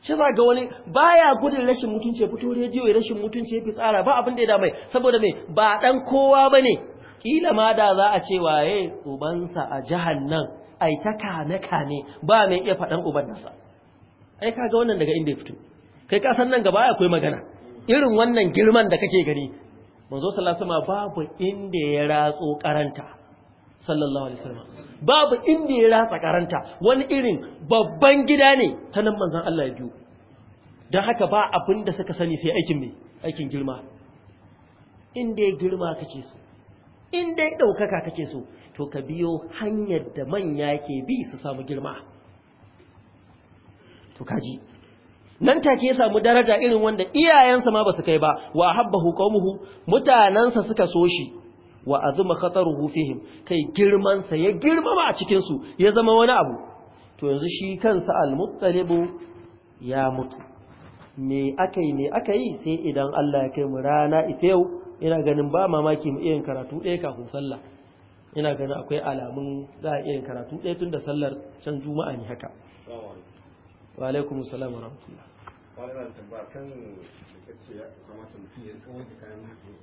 shi za ga wani ba ya gudun rashin mutunci fito rediyo ya rashin mutunci ya fi tsara ba abin da ya dama saboda mai ba dan kowa ba ne kila ma da za a ce waye ubansa a jahannan ai ta kane kane ba mai iya faɗan uban nasa ai ga wannan daga inda ya fito kai ka san nan gaba akwai magana irin wannan girman da kake gani manzo sallallahu alaihi wasallam babu inda ya ratso karanta sallallahu alaihi wasallam babu inda ya ratsa karanta wani irin babban gida ne ta nan manzan Allah ya biyu don haka ba abin da suka sani sai aikin mai aikin girma inda ya girma kake so inda ya ɗaukaka kake so to ka biyo hanyar da manya ke bi su samu girma to kaji nan take ya samu daraja irin wanda iyayensa ma ba su kai ba wa habba qaumuhu mutanensa suka so shi wa azuma khataruhu fihim kai girman sa ya girmama a cikin su ya zama wani abu to yanzu shi kansa al-muttalibu ya mutu me akai me akai sai idan Allah ya kai mu rana ita yau ina ganin ba mamaki mu irin karatu ɗaya kafin sallah ina ganin akwai alamun za a irin karatu ɗaya tun da sallar can juma'a ne haka wa alaikum salam wa rahmatullah